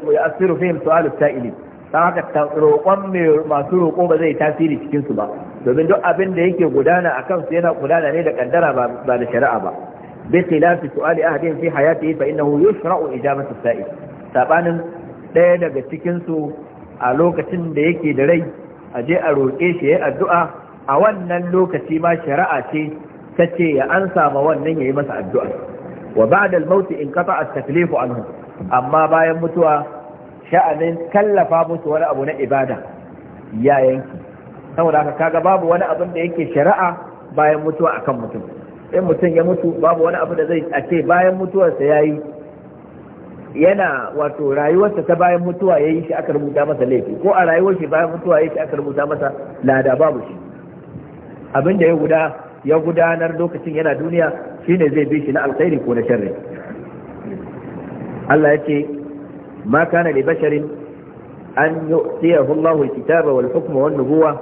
B: yu'assiru fihim su'alu sa'ilin dan haka roƙon masu roƙo ba zai tasiri cikin su ba domin duk abin da yake gudana akan su yana gudana ne da kaddara ba da shari'a ba bi khilafi su'ali ahadin fi hayatihi fa innahu yushra'u ijabatu sa'il sabanin ɗaya daga cikin su a lokacin da yake da rai a je a roƙe shi yayin addu'a a wannan lokaci ma shari'a ce ta ce ya ansa ma wannan yayi masa addu'a wa ba'da al-maut in qata'a at-taklifu anhu amma bayan mutuwa sha'anin tallafa musu wani abu na ibada ya yanki saboda haka kaga babu wani abin da yake shari'a bayan mutuwa akan mutum in mutum ya mutu babu wani abu da zai a ce bayan mutuwarsa ya yi yana wato rayuwarsa ta bayan mutuwa ya yi shi aka rubuta masa laifi ko a rayuwar shi bayan mutuwa ya yi shi aka rubuta masa lada babu shi abin da ya guda ya gudanar lokacin yana duniya shine zai bi shi na alkhairi ko na sharri Allah ya ce ma kana li basharin an yu'tiyahu Allahu kitaba wal hukma wan nubuwa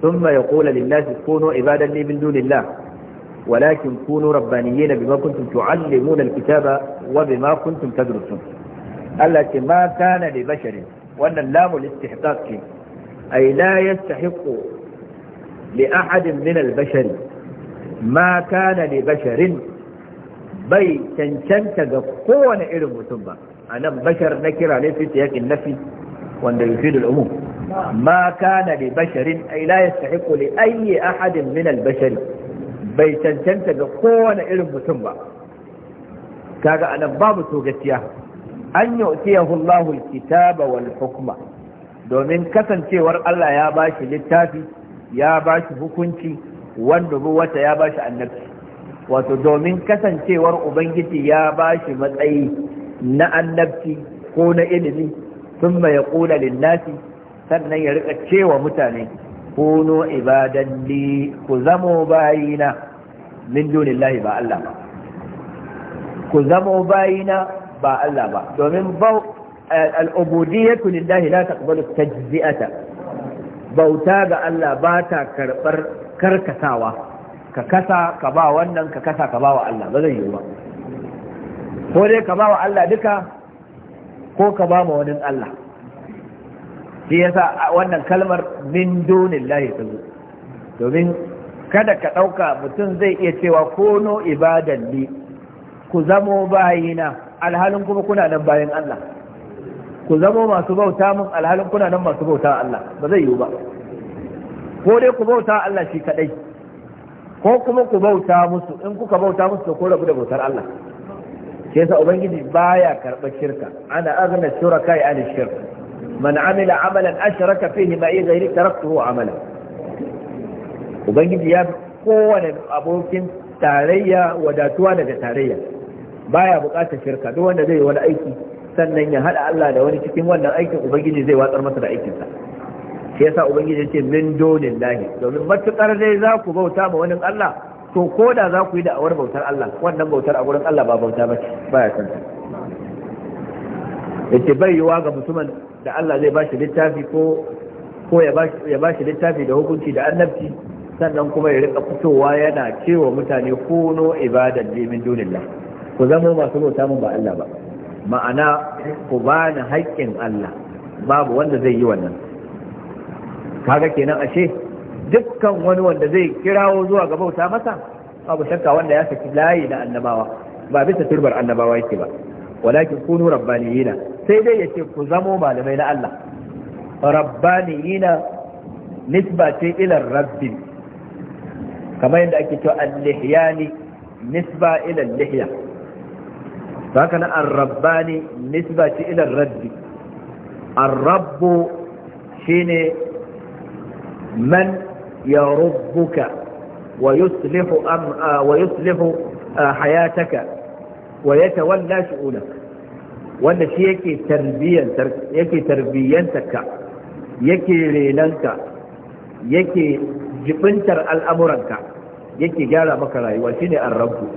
B: thumma yaqulu lin-nasi kunu ibadan li min dunillah ولكن كونوا ربانيين بما كنتم تعلمون الكتاب وبما كنتم تدرسون التي ما كان لبشر وأن اللام الاستحقاق أي لا يستحق لأحد من ma kana كان basharin. bai cancanta ga kowane irin mutum ba a nan bashar na kira ne fi yakin nafi wanda yufidu al'umum ma kana li basharin ay la yastahiqu li ayyi ahadin min al-bashari bai cancanta ga kowane irin mutum ba kaga anan babu to gaskiya an yu'tiyahu Allahu al-kitaba wal hukma domin kasancewar Allah ya bashi littafi ya bashi hukunci wanda wata ya bashi annabci wato domin kasancewar ubangiji ya ba shi matsayi na annabci ko na ilimi sun mai ƙuna linnasi sannan ya rika cewa mutane kuno ibadan ku zamo bayina min dunillahi ba Allah ba ku zamo bayina ba Allah ba domin eh, al'ubudiyatu lillahi la taqbalu tajzi'ata bauta ga Allah ba ta karɓar karkatawa ka kasa ka ba wannan ka kasa ka ba wa Allah ba zai yi ba ko dai ka ba wa Allah duka ko ka ba ma wani Allah shi yasa wannan kalmar min dunillahi ta zo domin kada ka ɗauka mutum zai iya cewa kono ibadan li ku zamo bayina alhalin kuma kuna nan bayan Allah ku zamo masu bauta mun alhalin kuna nan masu bauta Allah ba zai yiwu ba ko dai ku bauta Allah shi kadai ko kuma ku bauta musu in kuka bauta musu ko rabu da bautar Allah Ke sa ubangiji baya karɓar shirka ana azna shuraka ya an shirka man amila amalan ashraka fihi ma'i ghairi taraktuhu amala ubangiji ya kowane abokin tarayya wadatuwa daga tarayya baya bukatar shirka duk wanda zai yi wani aiki sannan ya hada Allah da wani cikin wannan aikin ubangiji zai watsar masa da aikinsa shi yasa ubangiji yace min donin lahi domin matukar dai za ku bauta ma wani Allah to ko da za ku yi da'awar bautar Allah wannan bautar a gurin Allah ba bauta ba ya san yace bai yiwa ga mutumin da Allah zai bashi littafi ko ko ya bashi littafi da hukunci da annabci sannan kuma ya rika fitowa yana cewa mutane kuno ibadar li min dunillah ku zama masu bauta mun ba Allah ba ma'ana ku bani haƙƙin Allah babu wanda zai yi wannan kaga kenan ashe dukkan wani wanda zai kirawo zuwa ga bauta masa babu shakka wanda ya saki layi na annabawa ba bisa turbar annabawa yake ba walakin kunu rabbaniyina sai dai yace ku zamo malamai na Allah rabbaniyina nisba ce ila rabbi kamar yadda ake cewa al-lihyani nisba ila al-lihya haka na ar-rabbani nisba ce ila rabbi ar-rabbu shine من يربك ويصلح, أم ويصلح حياتك ويتولى شؤونك wanda shi yake yake tarbiyyantarka yake renanka yake jibintar al'amuranka yake gyara maka rayuwa shine an rabu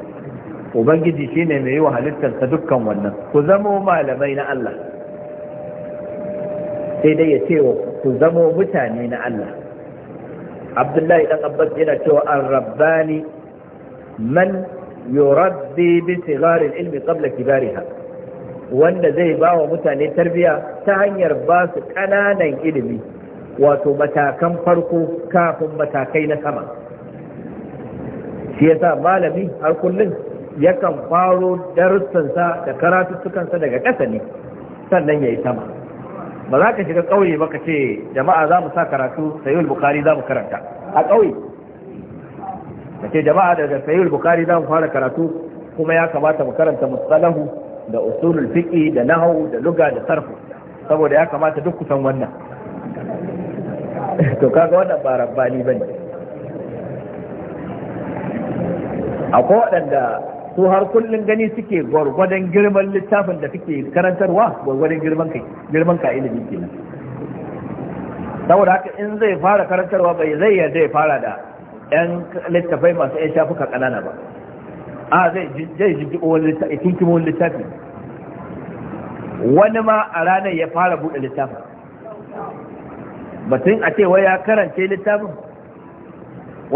B: ubangiji shine mai yi wa halittarsa dukkan wannan ku zamo malamai na Allah sai dai ya ce ku zamo mutane na Allah abdullahi dan abbas yana cewa an rabbani man yurabbi bi sigar al qabla kibariha wanda zai ba wa mutane tarbiya ta hanyar ba su ƙananan ilimi wato matakan farko kafin matakai na sama shi yasa malami har kullum yakan faro darussansa da karatuttukansa daga ƙasa ne sannan ya yi sama ba za ka shiga ƙauye ba ka ce jama'a za mu sa karatu sayul bukari za mu karanta a ƙauye ka ce jama'a daga sayul bukari za mu fara karatu kuma ya kamata mu karanta musalahu da usulul fiqi da nahau, da luga da sarfu saboda ya kamata duk kusan wannan [laughs] to kaga wannan ba rabbani bane akwai waɗanda ko har kullum gani suke gwargwadon girman littafin da suke karantarwa gwargwadon girman kai girman ka ilimi nan saboda haka in zai fara karantarwa bai zai yarda ya fara da yan littafai masu yan shafuka kanana ba a zai zai jiji wani littafi kinkimo wani littafi wani ma a ranar ya fara buɗe littafin batun a ce wai ya karance littafin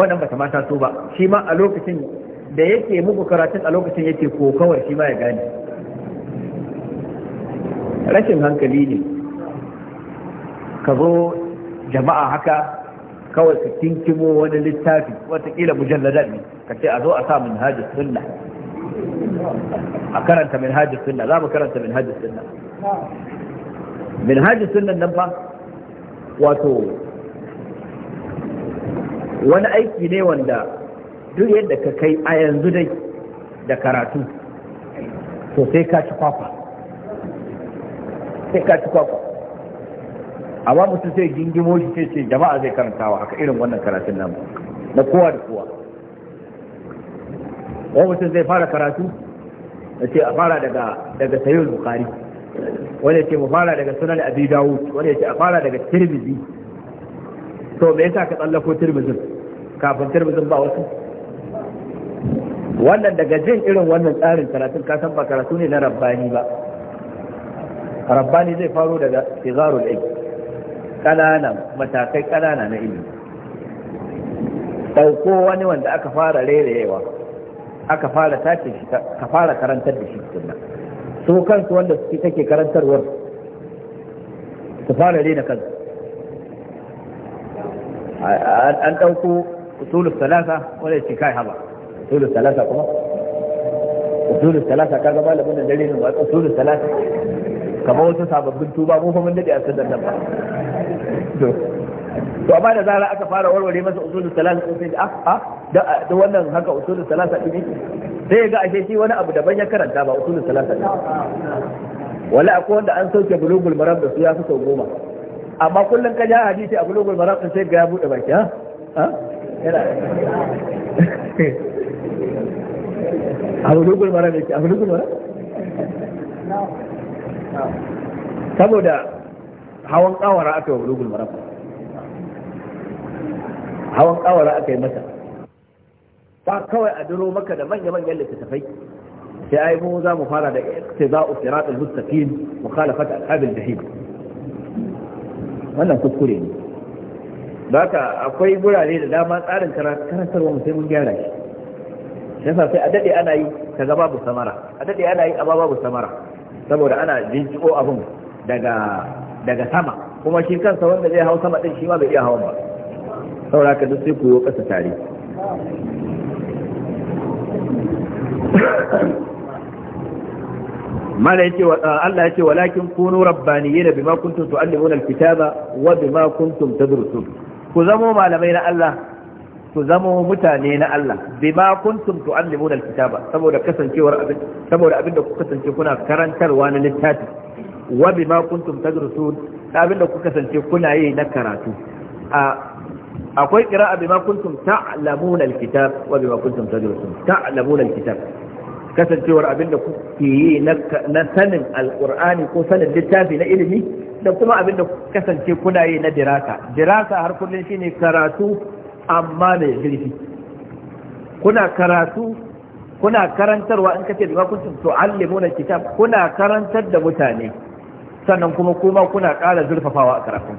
B: wannan bata mata so ba shi ma a lokacin da yake muku karatun a lokacin yake ko kawai shi ma ya gane rashin hankali ne ka zo jama'a haka kawai ka kinkimo wani littafi watakila mujalladan ne ka ce a zo a sa min hajji sunna a karanta min hajji sunna za mu karanta min hajji sunna min hajji sunna nan fa wato wani aiki ne wanda duk yadda ka kai a yanzu dai da karatu to sai ka ci kwakwa sai ka ci kwakwa amma mutum sai gingimo shi sai ce jama'a zai karantawa haka irin wannan karatun namu na kowa da kowa wani mutum zai fara karatu da ce a fara daga daga sayyid bukari wani ya ce mu fara daga sunan abi dawo wani ya ce a fara daga tirmizi to me yasa ka tsallako tirmizin kafin tirmizin ba wasu wannan daga jin irin wannan tsarin karatun ka san ba karatu ne na rabbani ba rabbani zai faro daga sigarul ilmi ƙananan matakai ƙanana na ilmi ɗauko wani wanda aka fara rerayewa aka fara tace shi ka fara karantar da shi tukunna su kansu wanda suke take karantarwar su fara rena kansu an ɗauko usulul salasa wanda ya ce kai haba usulul salasa kuma usulul salasa kaga malamin da dare ne ba الثلاثة salasa kamar wasu sababbin tuba mu fa mun dade النبا to amma da zara aka fara warware masa usulul salasa sai ah, ah, da ah da wannan haka usulul salasa din sai ga ashe shi wani abu daban ya karanta ba usulul salasa din wala akwai wanda an sauke bulugul maram da su ya fi sau goma amma kullum ka ja hadisi a bulugul marab sai ga ya bude baki ha ah, yana a bulugul maram yake a bulugul maram saboda hawan kawara aka yi bulugul maram hawan kawara aka yi masa ba kawai a duro maka da manya-manyan littattafai sai ai mu za mu fara da za iqtida'u sirat al mu mukhalafat ashab al-jahim wannan kuskure ne haka akwai gurare da dama tsarin karantarwa mu sai mun gyara shi yasa sai a dade ana yi kaga babu samara a dade ana yi amma babu samara saboda ana jinjiko abun daga daga sama kuma shi kansa wanda zai hau sama din shi ma bai iya hawan ba saboda ka duk sai ku yi kasa tare mala yace Allah yace walakin kunu rabbaniyina bima kuntum tu'allimuna alkitaba wa bima kuntum tadrusun ku zamo malamai na Allah ku zamo mutane na Allah bima kuntum tu'allimuna alkitaba saboda kasancewar abin saboda abin da ku kasance kuna karantarwa na littafi wa bima kuntum tadrusun abin da ku kasance kuna yi na karatu a akwai qira'a bima kuntum ta'lamuna alkitab wa bima kuntum tadrusun ta'lamuna alkitab kasancewar abin da ke yi na sanin alkur'ani ko sanin littafi na ilimi da kuma abin da kasance kuna yi na dirasa dirasa har kullum shine karatu amma ne zurfi kuna karatu kuna karantarwa in kace to allimu na kitab kuna karantar da mutane sannan kuma kuma kuna ƙara zurfafawa a karatu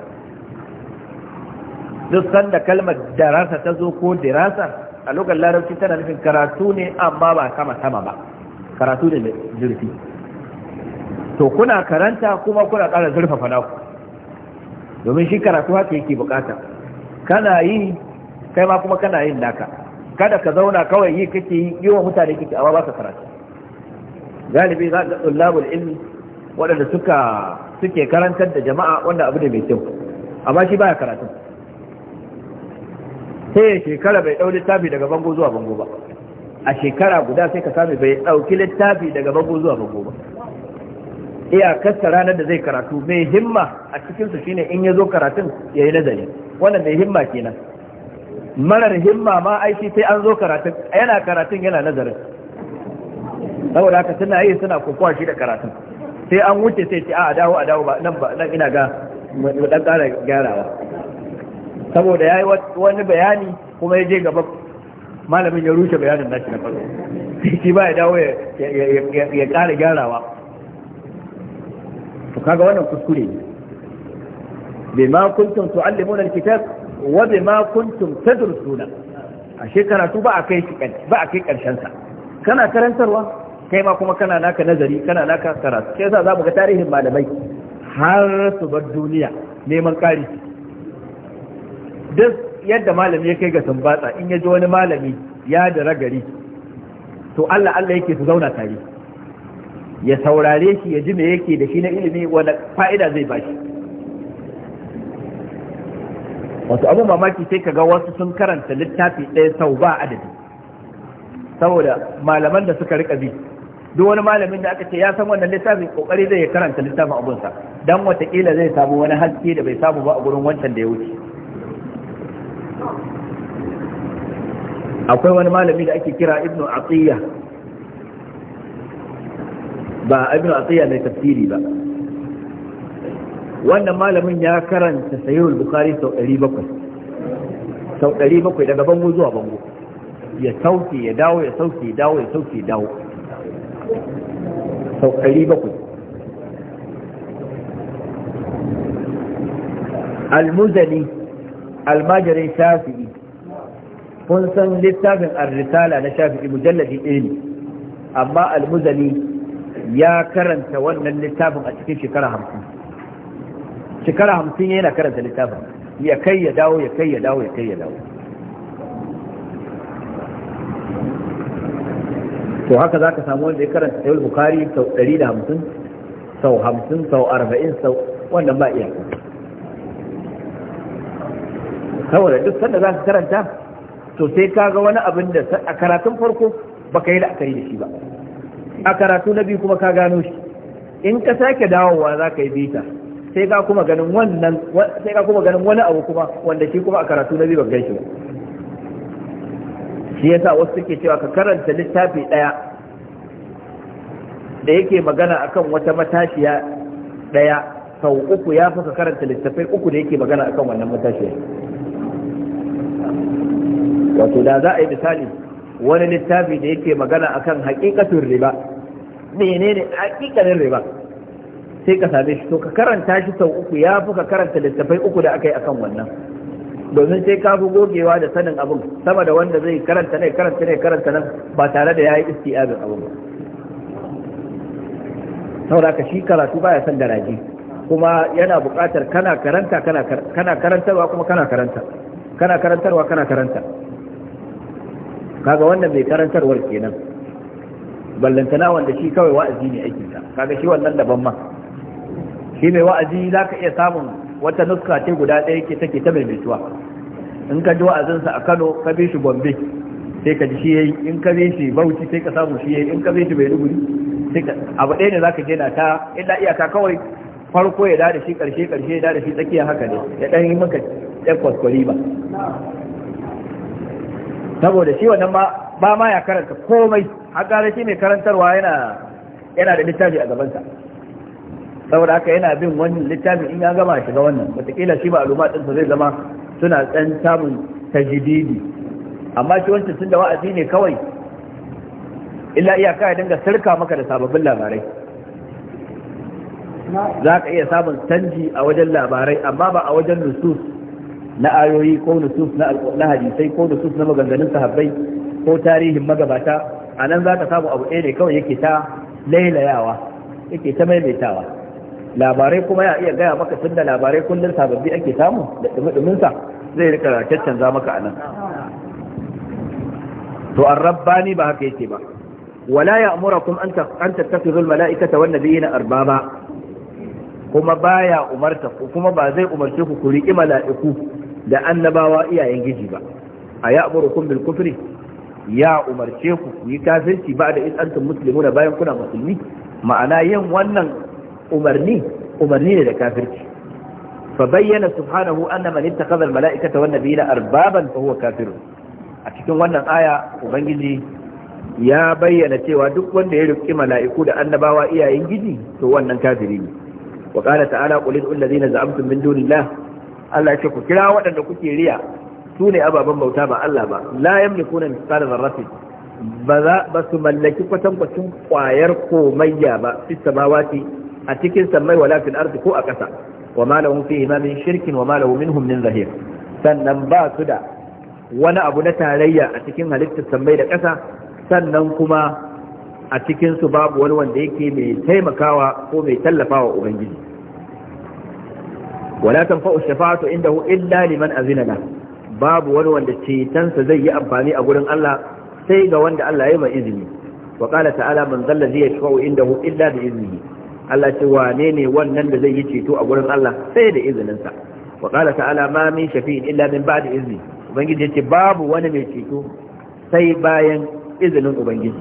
B: duk sanda kalmar darasa ta zo ko dirasa a lokacin larabci tana nufin karatu ne amma ba sama sama ba karatu ne zurfi to kuna karanta kuma kuna ƙara zurfafa naku domin shi karatu haka yake bukata kana yi kai ma kuma kana yin naka kada ka zauna kawai yi kake yi yi wa mutane kake amma ba ka karatu galibi za ka tsullabul ilmi waɗanda suka suke karantar da jama'a wanda abu da mai kyau amma shi baya karatu sai ya shekara bai ɗau littafi daga bango zuwa bango ba a shekara guda sai ka sami bai ɗauki littafi daga bango zuwa bango ba iyakarsa ranar da zai karatu mai himma a cikinsu shine in ya zo karatun ya yi nazari wannan mai himma kenan marar himma ma aiki sai an zo karatun yana karatun yana nazarin saboda haka suna yi suna kokowa shi da karatun sai an wuce sai ce a dawo a dawo ba nan ba nan ina ga dan kara gyarawa saboda yayi wani bayani kuma ya je gaba malamin ya rushe bayanin nashi na farko shi ba ya dawo ya kara gyarawa to kaga wannan kuskure ne bima kuntum tu'allimuna alkitab wa ma kuntum tadrusuna a shekara tu ba a kai ba a kai karshen sa kana karantarwa kai ma kuma kana naka nazari kana naka karatu sai yasa mu ga tarihin malamai har su bar duniya neman kari duk yadda malami ya kai ga tumbatsa in ya ji wani malami ya dara ragari to Allah Allah yake su zauna tare ya saurare shi ya ji me yake da shi na ilimi wanda fa'ida zai bashi wato abin mamaki sai kaga wasu sun karanta littafi ɗaya sau ba adadi saboda malaman da suka rika bi duk wani malamin da aka ce ya san wannan littafin kokari zai karanta littafin abunsa dan watakila zai samu wani haske da bai samu ba a gurin wancan da ya wuce akwai wani malami da ake kira ibnu atiyya ba ibnu atiyya mai tafsiri ba wannan malamin ya karanta sahihul bukhari sau 700 sau 700 daga bango zuwa bango ya sauke ya dawo ya sauke ya dawo ya sauke ya dawo sau 700 almuzani almajirin shafi'i kun san littafin ar na shafi'i mujalladi ɗaya ne amma almuzani ya karanta wannan littafin a cikin shekara hamsin shekara hamsin yana karanta littafin ya kai ya dawo ya kai ya dawo ya kai ya dawo to haka za ka samu wanda ya karanta sayul bukari sau 150 sau 50 sau 40 sau wannan ba iya saboda duk sanda za ka karanta to sai ka ga wani abin da a karatun farko ba ka yi la'akari da shi ba a karatu na biyu kuma ka gano shi in ka sake dawowa za ka yi bita sai ka kuma ganin wannan sai ka kuma ganin wani abu kuma wanda shi kuma a karatu na biyu ban shi yasa wasu suke cewa ka karanta littafi daya da yake magana akan wata matashiya daya sau uku ya fi ka karanta littafai uku da yake magana akan wannan matashiya wato da za a yi misali wani littafi da yake magana akan hakikatun riba menene hakikanin riba sai ka same shi to ka karanta shi sau uku ya fi ka karanta littafai uku da aka yi akan wannan domin sai ka fi gogewa da sanin abin sama da wanda zai karanta ne karanta ne karanta nan ba tare da ya yi istiyabin abin ba saboda ka shi karatu baya son daraji, kuma yana buƙatar kana karanta kana karantarwa kuma kana karanta kana karantarwa kana karanta kaga wannan mai karantarwar kenan ballantana wanda shi kawai wa'azi ne aikinsa kaga shi wannan daban ma shi mai wa'azi za ka iya samun wata nuska ce guda ɗaya ke take ta mai mituwa in ka ji wa'azinsa a kano ka bi shi gombe sai ka ji shi yayi in ka bi shi bauchi sai ka samu shi yayi in ka bi shi maiduguri sai ka abu ɗaya ne za ka jena ta illa iyaka kawai farko ya dada shi karshe karshe ya dada shi tsakiya haka ne ya ɗan yi maka ɗan kwaskwari ba saboda shi wannan ba ma ya karanta komai har gara shi mai karantarwa yana yana da littafi a gabansa saboda haka yana bin wannan littafin in ya gama shiga wannan wataƙila shi ma'aluma ɗinsa zai zama suna ɗan samun tajididi amma shi wancan tun da wa'azi ne kawai illa iyaka ya dinga sarka maka da sababbin labarai za ka iya samun canji a wajen labarai amma ba a wajen nusus na ayoyi ko nusus na hadisai ko nusus na maganganun sahabbai ko tarihin magabata a nan za ka samu abu ɗaya ne kawai yake ta lailayawa yake ta maimaitawa labarai kuma ya iya gaya maka da labarai kullum sababbi ake samu da dumi sa zai rika caccanza maka anan to an ni ba haka yake ba wala kuma an an tattakhidhu al-mala'ikata wan nabiyina arbaba kuma baya umarta kuma ba zai umarce ku ku riki mala'iku da annabawa iyayen giji ba a ya'murukum bil kufri ya umarce ku yi kafirci ba da in antum muslimuna bayan kuna musulmi ma'ana yin wannan umarni umarni ne da kafirci fa bayyana subhanahu anna man ittakhadha al-mala'ikata wan nabiyina arbaban fa huwa kafir a cikin wannan aya ubangiji ya bayyana cewa duk wanda ya rufki mala'iku da annabawa iyayen giji to wannan kafiri ne wa qala ta'ala qul lil ladzina za'amtum min dunillah Allah ya ce ku kira waɗanda kuke riya su ne ababen bauta ba Allah ba la yamlikuna mithqala dharratin ba su mallaki kwatankwacin kwayar komayya ba fi samawati a cikin sammai wala fil ardi ko a ƙasa wa ma lahum fihi ma min shirkin wa ma lahu minhum min zahir sannan ba su da wani abu na tarayya a cikin halittar sammai da ƙasa sannan kuma a cikin su babu wani wanda yake mai taimakawa ko mai tallafawa ubangiji wala tanfa'u shafa'atu indahu illa liman azina lahu babu wani wanda cetonsa zai yi amfani a gurin Allah sai ga wanda Allah ya yi izini wa qala ta'ala man zalla zai yashfa'u indahu illa bi iznihi Allah ce wane ne wannan da zai yi ceto a gurin Allah sai da izininsa wa qala ta'ala ma min shafi'in illa min ba'di izni ubangiji yace babu wani mai ceto sai bayan izinin ubangiji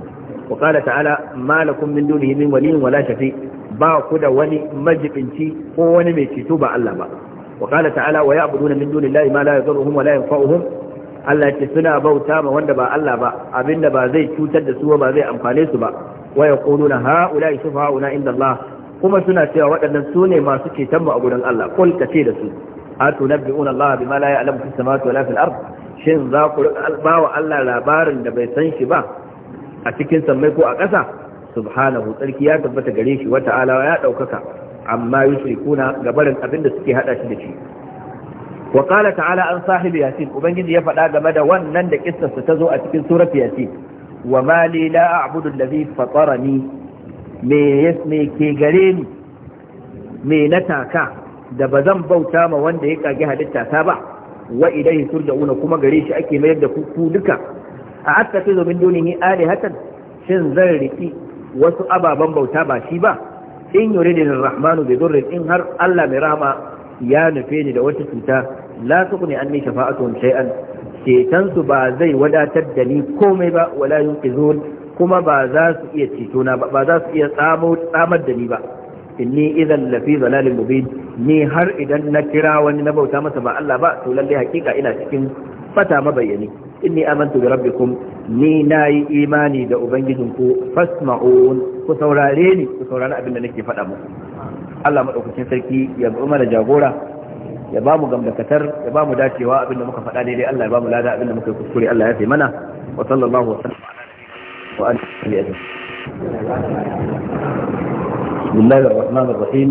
B: wa qala ta'ala ma lakum min dunihi min waliyyin wala shafi ba ku da wani majibinci ko wani mai ceto ba Allah ba wa qala ta'ala wa ya'buduna min dunillahi ma la yadhurruhum wa la yanfa'uhum Allah ce suna bauta ma wanda ba Allah ba abinda ba zai cutar da su ba zai amfane su ba wa yaquluna haula yusufa haula inda Allah kuma suna cewa waɗannan su ne masu ke mu a gudun Allah kul ka ce da su atunabbi'una Allah bima la ya'lamu fis samawati wala fil ard shin za ku ba wa Allah labarin da bai san shi ba a cikin sammai ko a ƙasa subhanahu tsarki ya tabbata gare shi wata alawa ya ɗaukaka amma yushrikuna gabarin abin da suke hada shi da shi wa qala ta'ala an sahibi yasin ubangiji ya faɗa game da wannan da kissarsa ta zo a cikin surati yasin wa ma la a'budu allazi fatarani me ke gare ni me na taka da ba zan bauta ma wanda ya kage halitta ta ba wa da turja'una kuma gare shi ake mayar da kuku duka a doni min ali hatan shin zan riki wasu ababen bauta ba shi ba in yuridin rahmanu bi durrin in har Allah mai rahama ya nufe ni da wata cuta la tuqni anni shafa'atuhum shay'an cetan su ba zai wadatar da ni komai ba wala yunqizun kuma ba za su iya ceto na ba za su iya tsamar da ni ba inni idan lafi zalalin mubin ni har idan na kira wani na bauta masa ba Allah ba to lalle hakika ina cikin fata mabayyani inni amantu bi rabbikum ni nayi imani da Ubangijin ubangijinku fasma'un ku saurare ni ku saurari abin da nake faɗa muku Allah madaukakin sarki ya bi mana jagora ya ba mu gamdakatar ya ba mu dacewa abin da muka faɗa daidai Allah ya ba mu lada abin da muka kuskure Allah ya fi mana wa sallallahu wa sallam بسم الله الرحمن الرحيم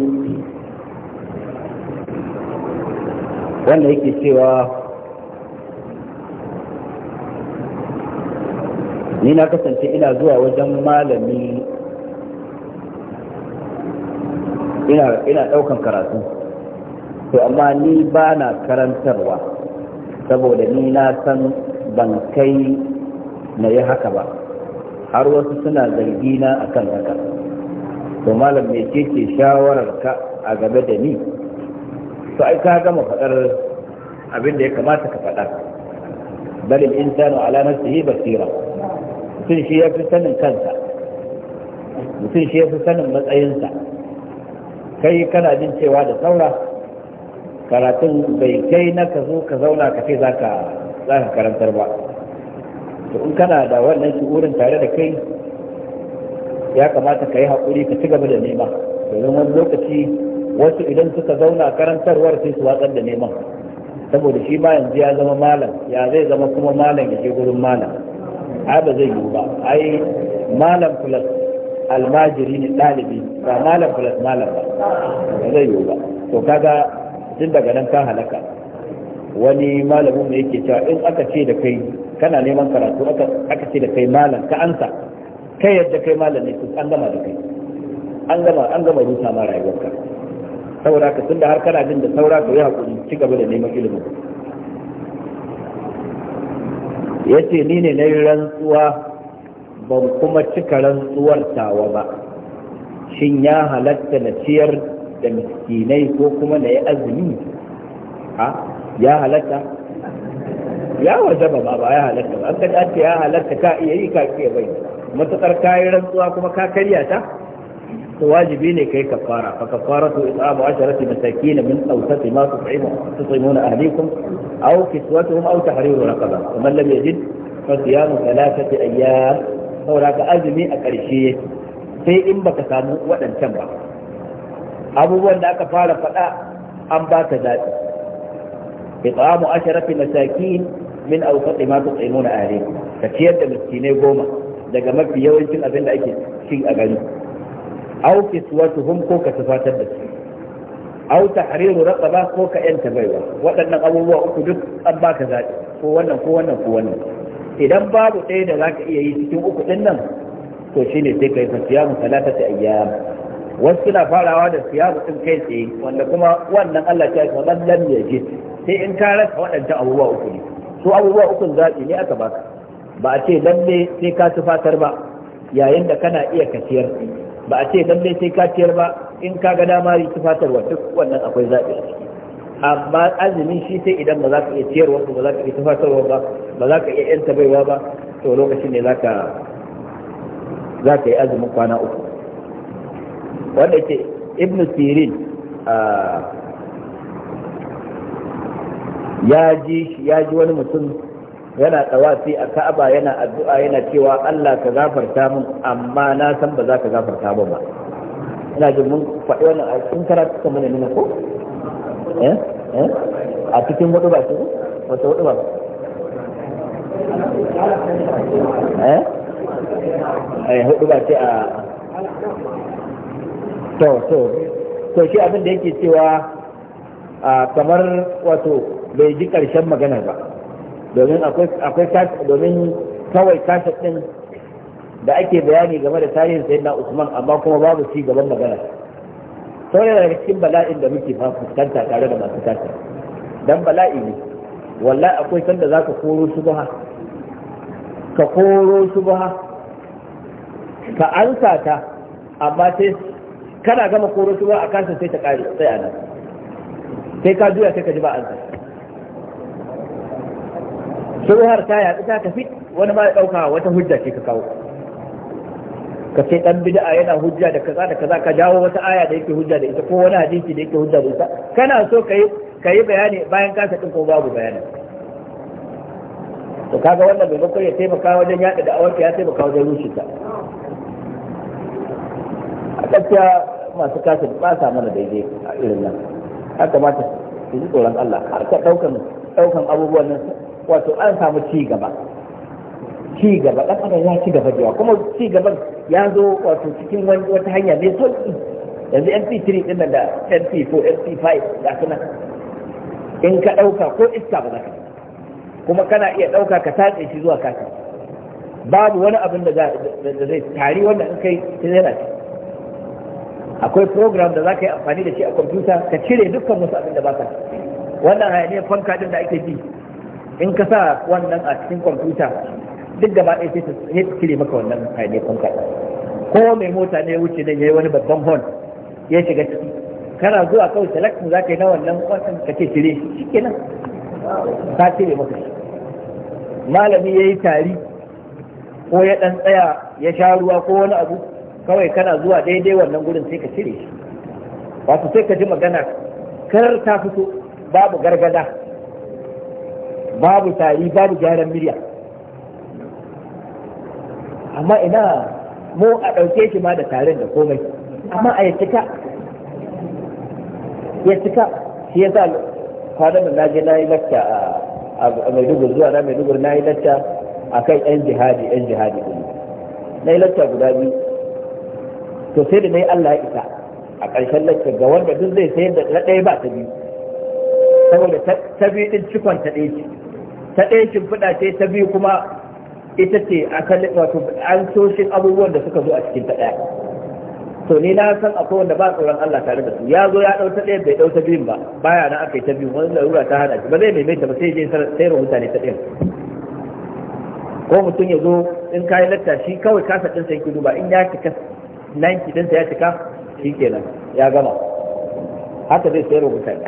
B: wanda yake cewa ni na kasance ina zuwa wajen malami ina ɗaukan karatu to amma ni ba na karantarwa saboda ni na san ban kai na yi haka ba har wasu suna zargi na akan haka to malam me ke ke shawarar ka a game da ni to ai ka gama faɗar abin da ya kamata ka faɗa bal al insanu ala nafsihi basira mutum shi ya fi sanin kansa mutum shi ya fi sanin matsayinsa kai kana jin cewa da saura karatun bai kai na ka zo ka zauna ka ce za ka karantar ba to in kana da wannan shi'urin tare da kai ya kamata ka yi haƙuri ka ci gaba da nema domin wani lokaci wasu idan suka zauna karantarwar sai su watsar da neman saboda shi ma yanzu ya zama malam ya zai zama kuma malam ya je gurin malam ai ba zai yiwu ba ai malam plus almajiri ne ɗalibi ba malam plus malam ba ba zai yiwu ba to kaga tun daga nan ka halaka wani malamin da yake cewa in aka ce da kai kana neman karatu aka ce da kai malam ka ansa kai yadda kai malam ne an gama da kai an gama an gama rusa ma rayuwarka saboda ka tunda har kana jin da saura ka yi hakuri ci gaba da neman ilimin yace ni ne na yi rantsuwa ban kuma cika rantsuwar tawa ba shin ya halatta na ciyar da miskinai ko kuma na yi azumi a ya halatta ya wajaba ba ba ya halatta ba an ka ce ya halatta ka iya yi ka iya bai matukar kayi rantsuwa kuma ka karya ta to wajibi ne kai kafara fa kafaratu it'amu asharati masakin min awsati ma tut'imu tut'imuna ahlikum aw kiswatuhum aw tahriru raqaba wa man lam yajid fa siyamu thalathati ayyam saboda ka azumi a ƙarshe sai in baka samu waɗancan ba abubuwan da aka fara faɗa an ba ka zaɓi it'amu asharati masakin min awsati ma tut'imuna ahlikum ka ciyar da miskinai goma daga mafi yawancin abin da ake cin a gari aw kiswatuhum ko ka tufatar da su aw tahriru raqaba ko ka yanta baiwa waɗannan abubuwa uku duk an baka zaɓi ko wannan ko wannan ko wannan idan babu ɗaya da za ka iya yi cikin uku ɗin nan to shine sai ka yi kai talata salatata ayyam wasu suna farawa da siyamu ɗin kai tsaye wanda kuma wannan Allah ta yi kamar lam yajid sai in ka rasa waɗancan abubuwa uku ne su abubuwa ukun zaɓi ne aka baka ba a ce lalle sai ka tufatar ba yayin da kana iya kaciyar ba a ce lalle sai ka ciyar ba in ka ga dama yi wa duk wannan akwai zaɓi a ciki amma azumin shi sai idan ba za ka iya ciyar wasu ba za ka iya fatar ba ba za ka iya yanta baiwa ba to lokacin ne za ka za ka yi azumin kwana uku wanda ke ibnu sirin a ah, ya ji ya ji wani mutum yana tsawafi a ka'aba yana addu'a yana cewa Allah ka gafarta min amma na san ba za ka gafarta ba ba ina jin mun faɗi wannan a cikin karatu kuma ne ko eh eh a cikin hudu ba ce wata hudu ba eh eh hudu ba ce a to to to shi abin da yake cewa kamar wato bai ji ƙarshen maganar ba domin akwai domin kawai kashe ɗin da ake bayani game da tarihin sayyid na usman amma kuma babu ci gaban magana sauran daga cikin bala'in da muke fuskanta tare da masu tasa dan bala'i ne wallahi akwai sanda za ka koro ba ka koro ba ka ansa ta amma sai kana gama koro ba a kansa sai ta kare sai a nan sai ka juya sai ka ji ba ansa shubhar ta yaɗu ta tafi wani ma ya ɗauka wata hujja ce ka kawo ka ce dan bid'a yana hujja da kaza da kaza ka jawo wata aya da yake hujja da ita ko wani hadisi da yake hujja da ita kana so ka yi ka yi bayani bayan kasa din ko babu bayani to kaga wannan maimakon ya taimaka wajen yaɗa da awarka ya taimaka wajen rushe ta a gaskiya masu kasa ba sa mana daidai a irin nan haka mata su ji tsoron Allah har ka ɗaukan abubuwan nan wato an samu ci gaba ci gaba ɗan adam ya ci gaba da kuma ci gaban ya zo wato cikin wata hanya mai sauki yanzu mp3 ɗin nan da mp4 mp5 da suna in ka ɗauka ko iska ba za ka kuma kana iya ɗauka ka tatse shi zuwa kasa babu wani abin da zai tari wanda in kai yana ci akwai program da za ka yi amfani da shi a kwamfuta ka cire dukkan wasu abin da ba ka wannan hayaniyar fanka ɗin da ake bi. in ka sa wannan a cikin kwamfuta duk gaba ɗaya sai ta cire maka wannan hayaniyar ka ko mai mota ne ya wuce ya yayi wani babban hon ya shiga ciki kana zuwa kawai selection za ka yi na wannan wannan ka ce cire shi kenan ka cire maka shi malami ya yi tari ko ya ɗan tsaya ya sha ruwa ko wani abu kawai kana zuwa daidai wannan gurin sai ka cire shi wato sai ka ji magana karar ta fito babu gargada babu tari babu gyaran murya amma ina mu a ɗauke shi ma da tarin da komai amma a ya cika ya cika shi ya sa kwanan da je na yi lacca a maiduguri zuwa na maiduguri na yi lacca a kan yan jihadi yan jihadi na yi lacca guda biyu to sai da na yi allah ya isa a ƙarshen lacca ga wanda duk zai sayar da na ɗaya ba ta biyu saboda ta biyu ɗin cikon ta ɗaya ta ɗaya shimfiɗa ce ta biyu kuma ita ce wato an abubuwan da suka zo a cikin ta ɗaya to ni na san akwai wanda ba tsoron Allah tare da su ya zo ya ɗau ta ɗaya bai ɗau ta biyun ba baya na aka yi ta biyun wani larura ta hana shi ba zai maimaita ba sai je sayar mutane ta ɗaya ko mutum ya zo in kayi latta shi kawai kasa ɗin sai ki duba in ya cika 90 ɗinsa ya cika shi kenan ya gama haka zai sayar mutane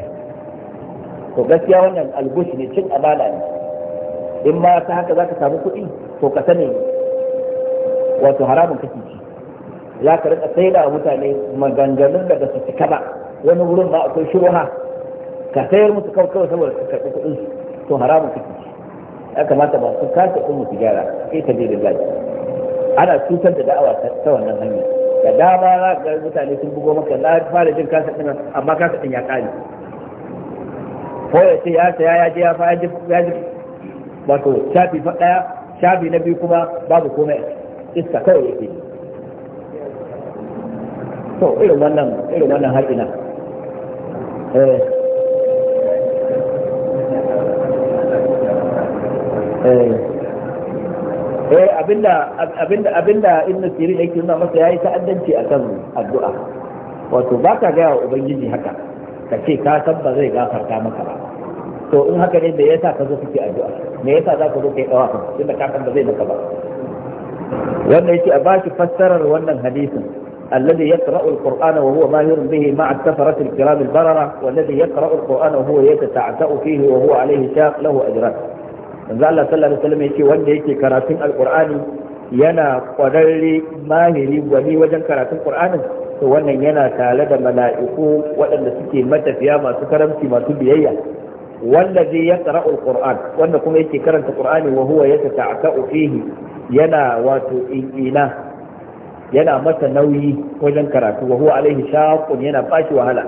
B: to gaskiya wannan albushi ne cin amana ne in ma ta haka za ka samu kuɗi to ka sani wato haramun kake ci za ka rika sai da mutane maganganun da su cika ba wani wurin ma akwai shubha ka sayar musu kawai kawai saboda ka karɓi kuɗi to haramun kake ci ya kamata ba su kasa ɗin musu gyara kai ta je da ana cutar da da'awa ta wannan hanya da dama za ka ga mutane sun bugo maka na fara jin kasa ɗin amma kasa ɗin ya ƙare ko ya ce ya saya ya je ya fa ya ji wato shafi ɗaya shafi na biyu kuma babu komai iska kawai yake to irin wannan irin wannan har ina eh eh, eh abinda abinda abinda ibnu sirin yake nuna masa yayi ta'addanci akan addu'a wato baka ga ubangiji haka ka ce ka san ba zai gafarta maka ba to in haka ne da yasa ka zo kake addu'a me yasa za ka zo kai dawa tun da kakan ba zai maka ba wannan yake a bashi fassarar wannan hadisin الذي يقرأ القرآن وهو ماهر به مع السفرة الكرام البررة والذي يقرأ القرآن وهو يتتعتأ فيه وهو عليه شاق له أجران manzo Allah sallallahu alaihi wasallam yake wanda yake karatun alqur'ani yana kwararre mahiri gwani wajen karatun qur'anin to wannan yana tare da mala'iku waɗanda suke matafiya masu karamci masu biyayya wallazi yaqra'u alquran wanda kuma yake karanta qur'ani wa huwa yatata'ta'u fihi yana wato ina yana masa nauyi wajen karatu wa alaihi shaqun yana bashi wahala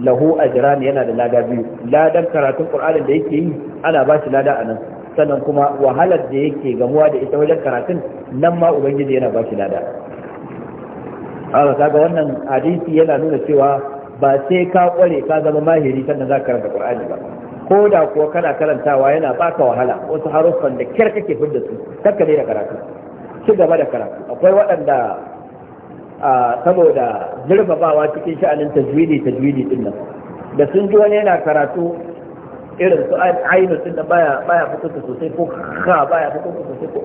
B: lahu ni yana da lada biyu ladan karatun qur'anin da yake yi ana bashi lada anan sannan kuma wahalar da yake gamuwa da ita wajen karatun nan ma ubangiji yana bashi lada haka kaga wannan hadisi yana nuna cewa ba sai ka ƙware ka zama mahiri sannan za ka karanta kur'ani ba ko da kuwa kana karantawa yana baka wahala wasu haruffan da kyar kake fidda su takka ne da karatu ci gaba da karatu akwai waɗanda saboda zurfafawa cikin sha'anin tajwidi tajwidi din nan da sun ji wani yana karatu irin su ainihin din nan baya baya fito sosai ko ha baya fito sosai ko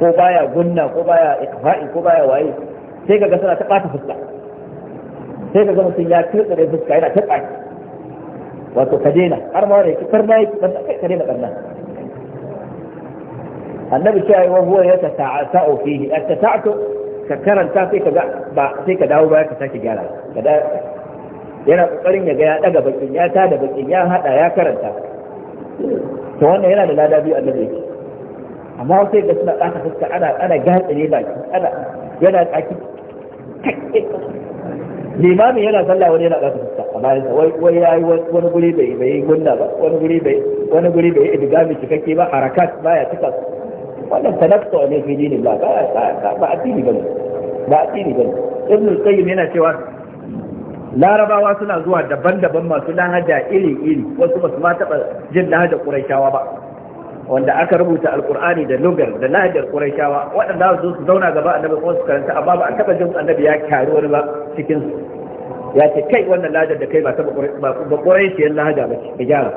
B: ko baya gunna ko baya ikfa'i ko baya waye sai kaga suna ta ɓata fuska sai kaga mutum ya turtsare fuska yana ta ɓata wato ka har ma wani kar na yi ban da kai ka annabi cewa wa wahuwa ya ta tata'atu fihi ta tataatu ka karanta sai ka ba sai ka dawo baya ka sake gyara ka da yana kokarin ya ga ya daga bakin ya ta da bakin ya hada ya karanta to wannan yana da lada biyu annabi yake amma sai ga suna tsaka fuska ana ana gatsire baki ana yana tsaki Limamin yana sallah wani yana kasa fuska a bayan wai wai yayi wani guri bai bai gunna ba wani guri bai wani guri bai idgami cikakke ba harakat baya cika wannan tanaffu ne fi dinin ba ba ba addini bane ba addini bane ibn al-qayyim yana cewa larabawa suna zuwa daban-daban masu lahaja iri-iri wasu ba su ma taɓa jin lahajar ƙuraishawa ba wanda aka rubuta alkur'ani da lugar da lahajar ƙur'ashawa, waɗanda su su zauna gaba annabi kuma su karanta amma ba a taba jin annabi ya kyaru wani ba cikin su ya ce kai wannan lahajar da kai ba taba ba qurayshiyar lahaja ba ce gyara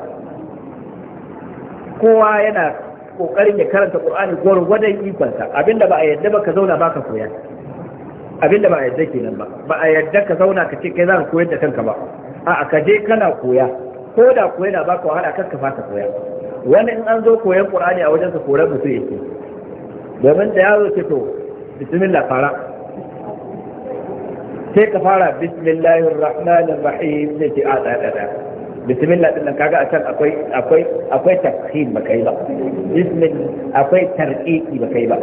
B: kowa yana kokarin ya karanta qur'ani gwargwadon ikonsa abinda ba a yadda ba ka zauna ba ka koya abinda ba a yadda kenan ba ba a yadda ka zauna ka ce kai za ka koyar da kanka ba a'a ka je kana koya ko da koya na baka wahala kar ka koya wani in an zo koyan qur'ani a wajensa koran mutu yake domin da yaro ce to bismillah fara sai ka fara bismillahir rahmanir rahim ne ki ah, ada da bismillah din nan kaga a can akwai akwai akwai ba kai ba bismil akwai tarqiqi ba kai ba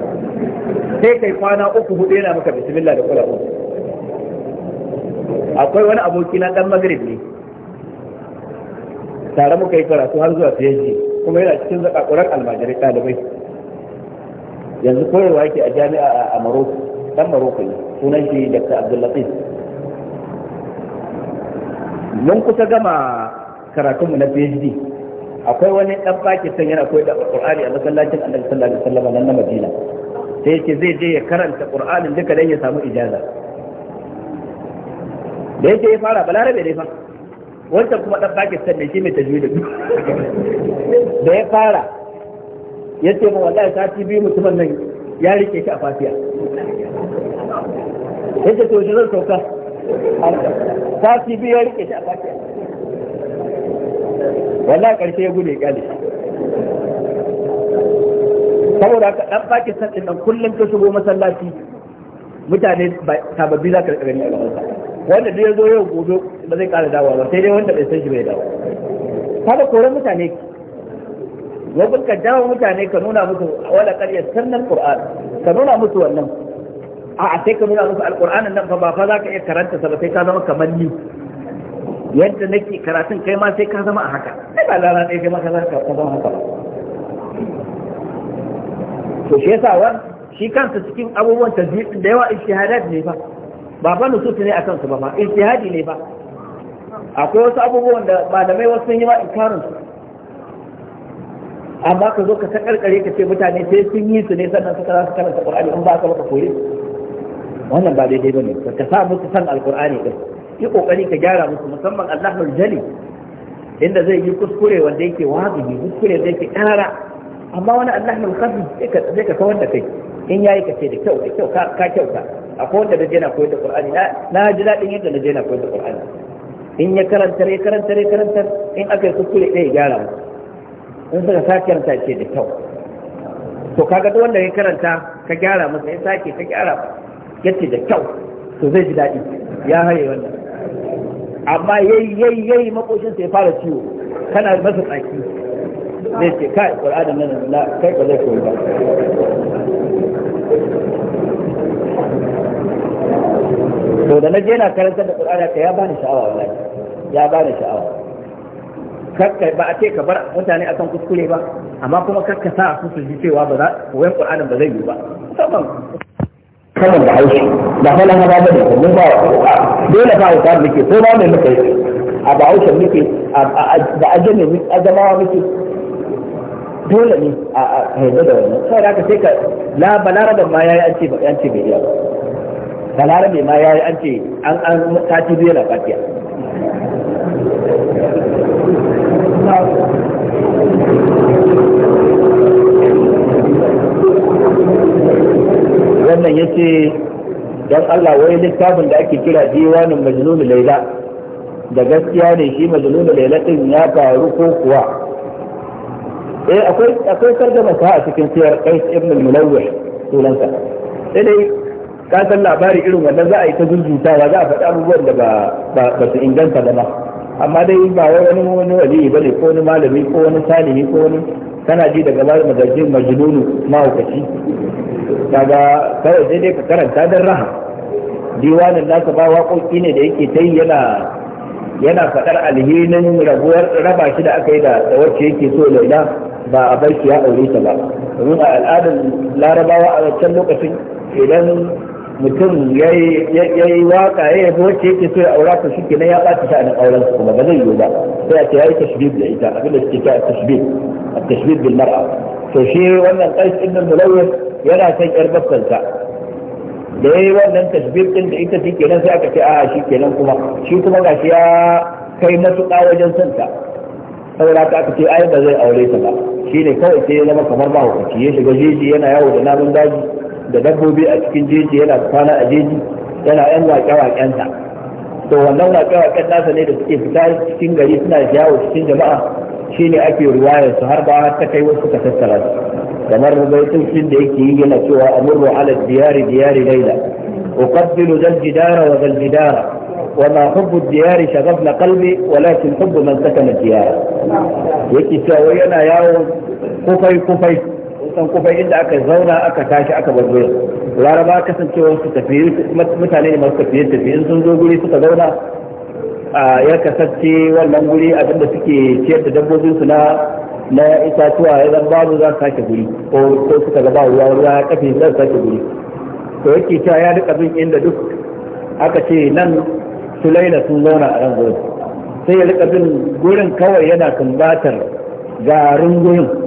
B: sai kai kwana uku hudu yana maka bismillah da kula uku akwai wani aboki na dan magrib ne tare muka yi karatu har zuwa PSG kuma yana cikin zakakuran almajirai ɗalibai yanzu koyarwa yake a jami'a a maroko dan maroko ne sunan shi dr abdullatif mun kusa gama karatunmu na phd akwai wani dan san yana koyar da qur'ani a masallacin annabi sallallahu alaihi wasallam nan na madina sai yake zai je ya karanta qur'anin duka dan ya samu ijaza da yake ya fara balarabe ne fa wancan kuma dan Pakistan ne shi mai tajwidin da ya fara ya ce ma wallahi sati biyu mutumin nan ya rike shi a fafiya ya ce to shi zan sauka sati biyu ya rike shi a fatiya wallahi karshe ya ya kyale saboda haka dan Pakistan din nan kullum ka shigo masallaci mutane sababbi za ka gani a gaban wanda duk ya zo yau gobe ba zai ƙara dawa ba sai dai wanda bai san shi bai dawo kada koran mutane wabin ka dawo mutane ka nuna musu wala ƙarya sannan qur'an ka nuna musu wannan a sai ka nuna musu alqur'anin nan fa ba fa za ka iya karanta sa ba sai ka zama kamar ni yadda nake karatun kai ma sai ka zama a haka sai ba lalata kai ma ka zama haka ba to shi yasa wa shi kansa cikin abubuwan tajwid da yawa ishtihadat ne fa ba fa nusus ne a su ba ma ijtihadi ne ba akwai wasu abubuwan da ba mai wasu sun yi ma inkarin su amma ka zo ka ta karkare ka ce mutane sai sun yi su ne sannan suka za su karanta qur'ani in ba ka baka kore wannan ba daidai bane ka sa musu san alqur'ani din yi kokari ka gyara musu musamman Allahul Jali inda zai yi kuskure wanda yake wajibi kuskure da yake karara amma wani Allahul Khafi sai ka sai ka kawar da kai in yayi ka ce da kyau da kyau ka kyauta akwai wanda naje na koyar da qur'ani na ji daɗin yadda naje na koyar da qur'ani in ya karanta ya karanta ya karanta in aka yi kuskure ɗaya gyara mu in suka sake karanta ce da kyau to kaga duk wanda ya karanta ka gyara masa ya sake ka gyara yace da kyau to zai ji daɗi ya haye wannan amma yayi yayi yayi makoshin sai fara ciwo kana masa tsaki zai ce kai qur'ani nan kai ba zai koyi ba to da na je na karanta da qur'ani ka ya bani sha'awa wallahi ya bani sha'awa kakkai ba a ce ka bar mutane akan kuskure ba amma kuma kakka sa su su ji cewa ba za koyon Qur'ani ba zai yi ba musamman
A: kawai da haushi da fa nan ba da mun ba dole fa ka muke
B: ko ba mai muke a ba haushi muke da ajame muke azamawa muke dole ne a haifar da wannan sai da aka sai ka la da ma yayi an ce ba an ce bai iya ba balarabe ma ya yi an ce an an sati biyu na fatiya wannan ya ce don Allah wai littafin da ake kira diwanin majalumi laila da gaskiya ne shi majalumi laila din ya faru ko kuwa eh akwai akwai sarda a cikin siyar Qais ibn al-Mulawwih sunansa sai ka san labari irin wannan za a yi ta zuzutawa za a faɗi abubuwan da ba su inganta ba amma dai ba wani wani waliyi bane ko wani malami ko wani salimi ko wani kana ji daga bari magaji majnunu mahaukaci daga kawai sai dai ka karanta dan raha diwanin nasa ba waƙoƙi ne da yake ta yi yana yana faɗar alhinin rabuwar raba shi da aka yi da wacce yake so laila ba a bar shi ya aure ta ba domin a al'adar larabawa a wancan lokacin idan mutum ya yi waka ya yabo wacce yake so ya aura ta shi kenan ya ɓata sha'anin auren su kuma ba zai yi ba sai a ce ya yi tashbib da ita abin da suke cewa tashbib a tashbib bin mar'a to shi wannan ɗin da mulawwis yana son ƴar bakkansa da ya yi wannan tashbib ɗin da ita shi kenan sai aka ce a shi kenan kuma shi kuma ga shi ya kai matuƙa wajen son ta saboda ta aka ce ai ba zai aure ta ba shi ne kawai sai ya zama kamar ba hukunci ya shiga jeji yana yawo da namun daji da dabbobi a cikin jeji yana kwana a jeji yana yan waƙe-waƙensa to wannan waƙe-waƙen nasa ne da suke fita cikin gari suna yawo cikin jama'a shine ake ruwayar su har ba ta kai wasu suka tattara su kamar baitocin da yake yi yana cewa amurru ala diyari diyari laila uqabbilu zal jidara wa zal jidara وما حب الديار شغفنا قلبي ولكن حب من سكن الديار yake cewa yana yawon kufai kufai kusan kufai inda aka zauna aka tashi aka bar gurin laraba kasancewar su tafi mutane ne masu tafiye tafiye in sun zo guri suka zauna ya kasance wannan guri abinda suke ciyar da dabbobin su na na itatuwa ya zan babu za su sake guri ko suka zaba ruwa ruwa ya kafe za su sake guri to yake cewa ya duka bin inda duk aka ce nan su sun zauna a nan gurin sai ya duka bin gurin kawai yana kumbatar garin gurin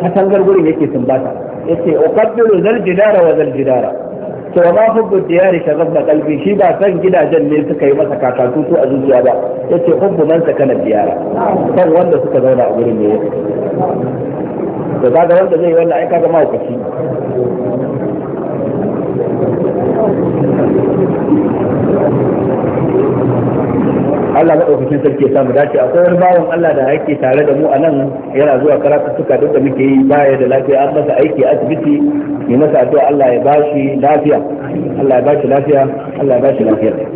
B: katangar gurin yake sumbata Ya ce yace kabbiru zal jidara wa zal jidara to ma hubbu diyari ka zabba kalbi shi ba san gidajen ne suka yi masa kakatutu a zuciya ba Ya yace hubbu man sakana diyara san wanda suka zauna a gurin ne to kaga wanda zai yi wannan ai kaga mahaukaci Allah maɗaukakin sarki ya samu dace akwai wani bawan Allah da yake tare da mu a nan yana zuwa suka duk da muke yi baya da lafiya an masa aiki a asibiti mai masa addu'a Allah ya bashi lafiya Allah ya bashi lafiya Allah ya bashi lafiya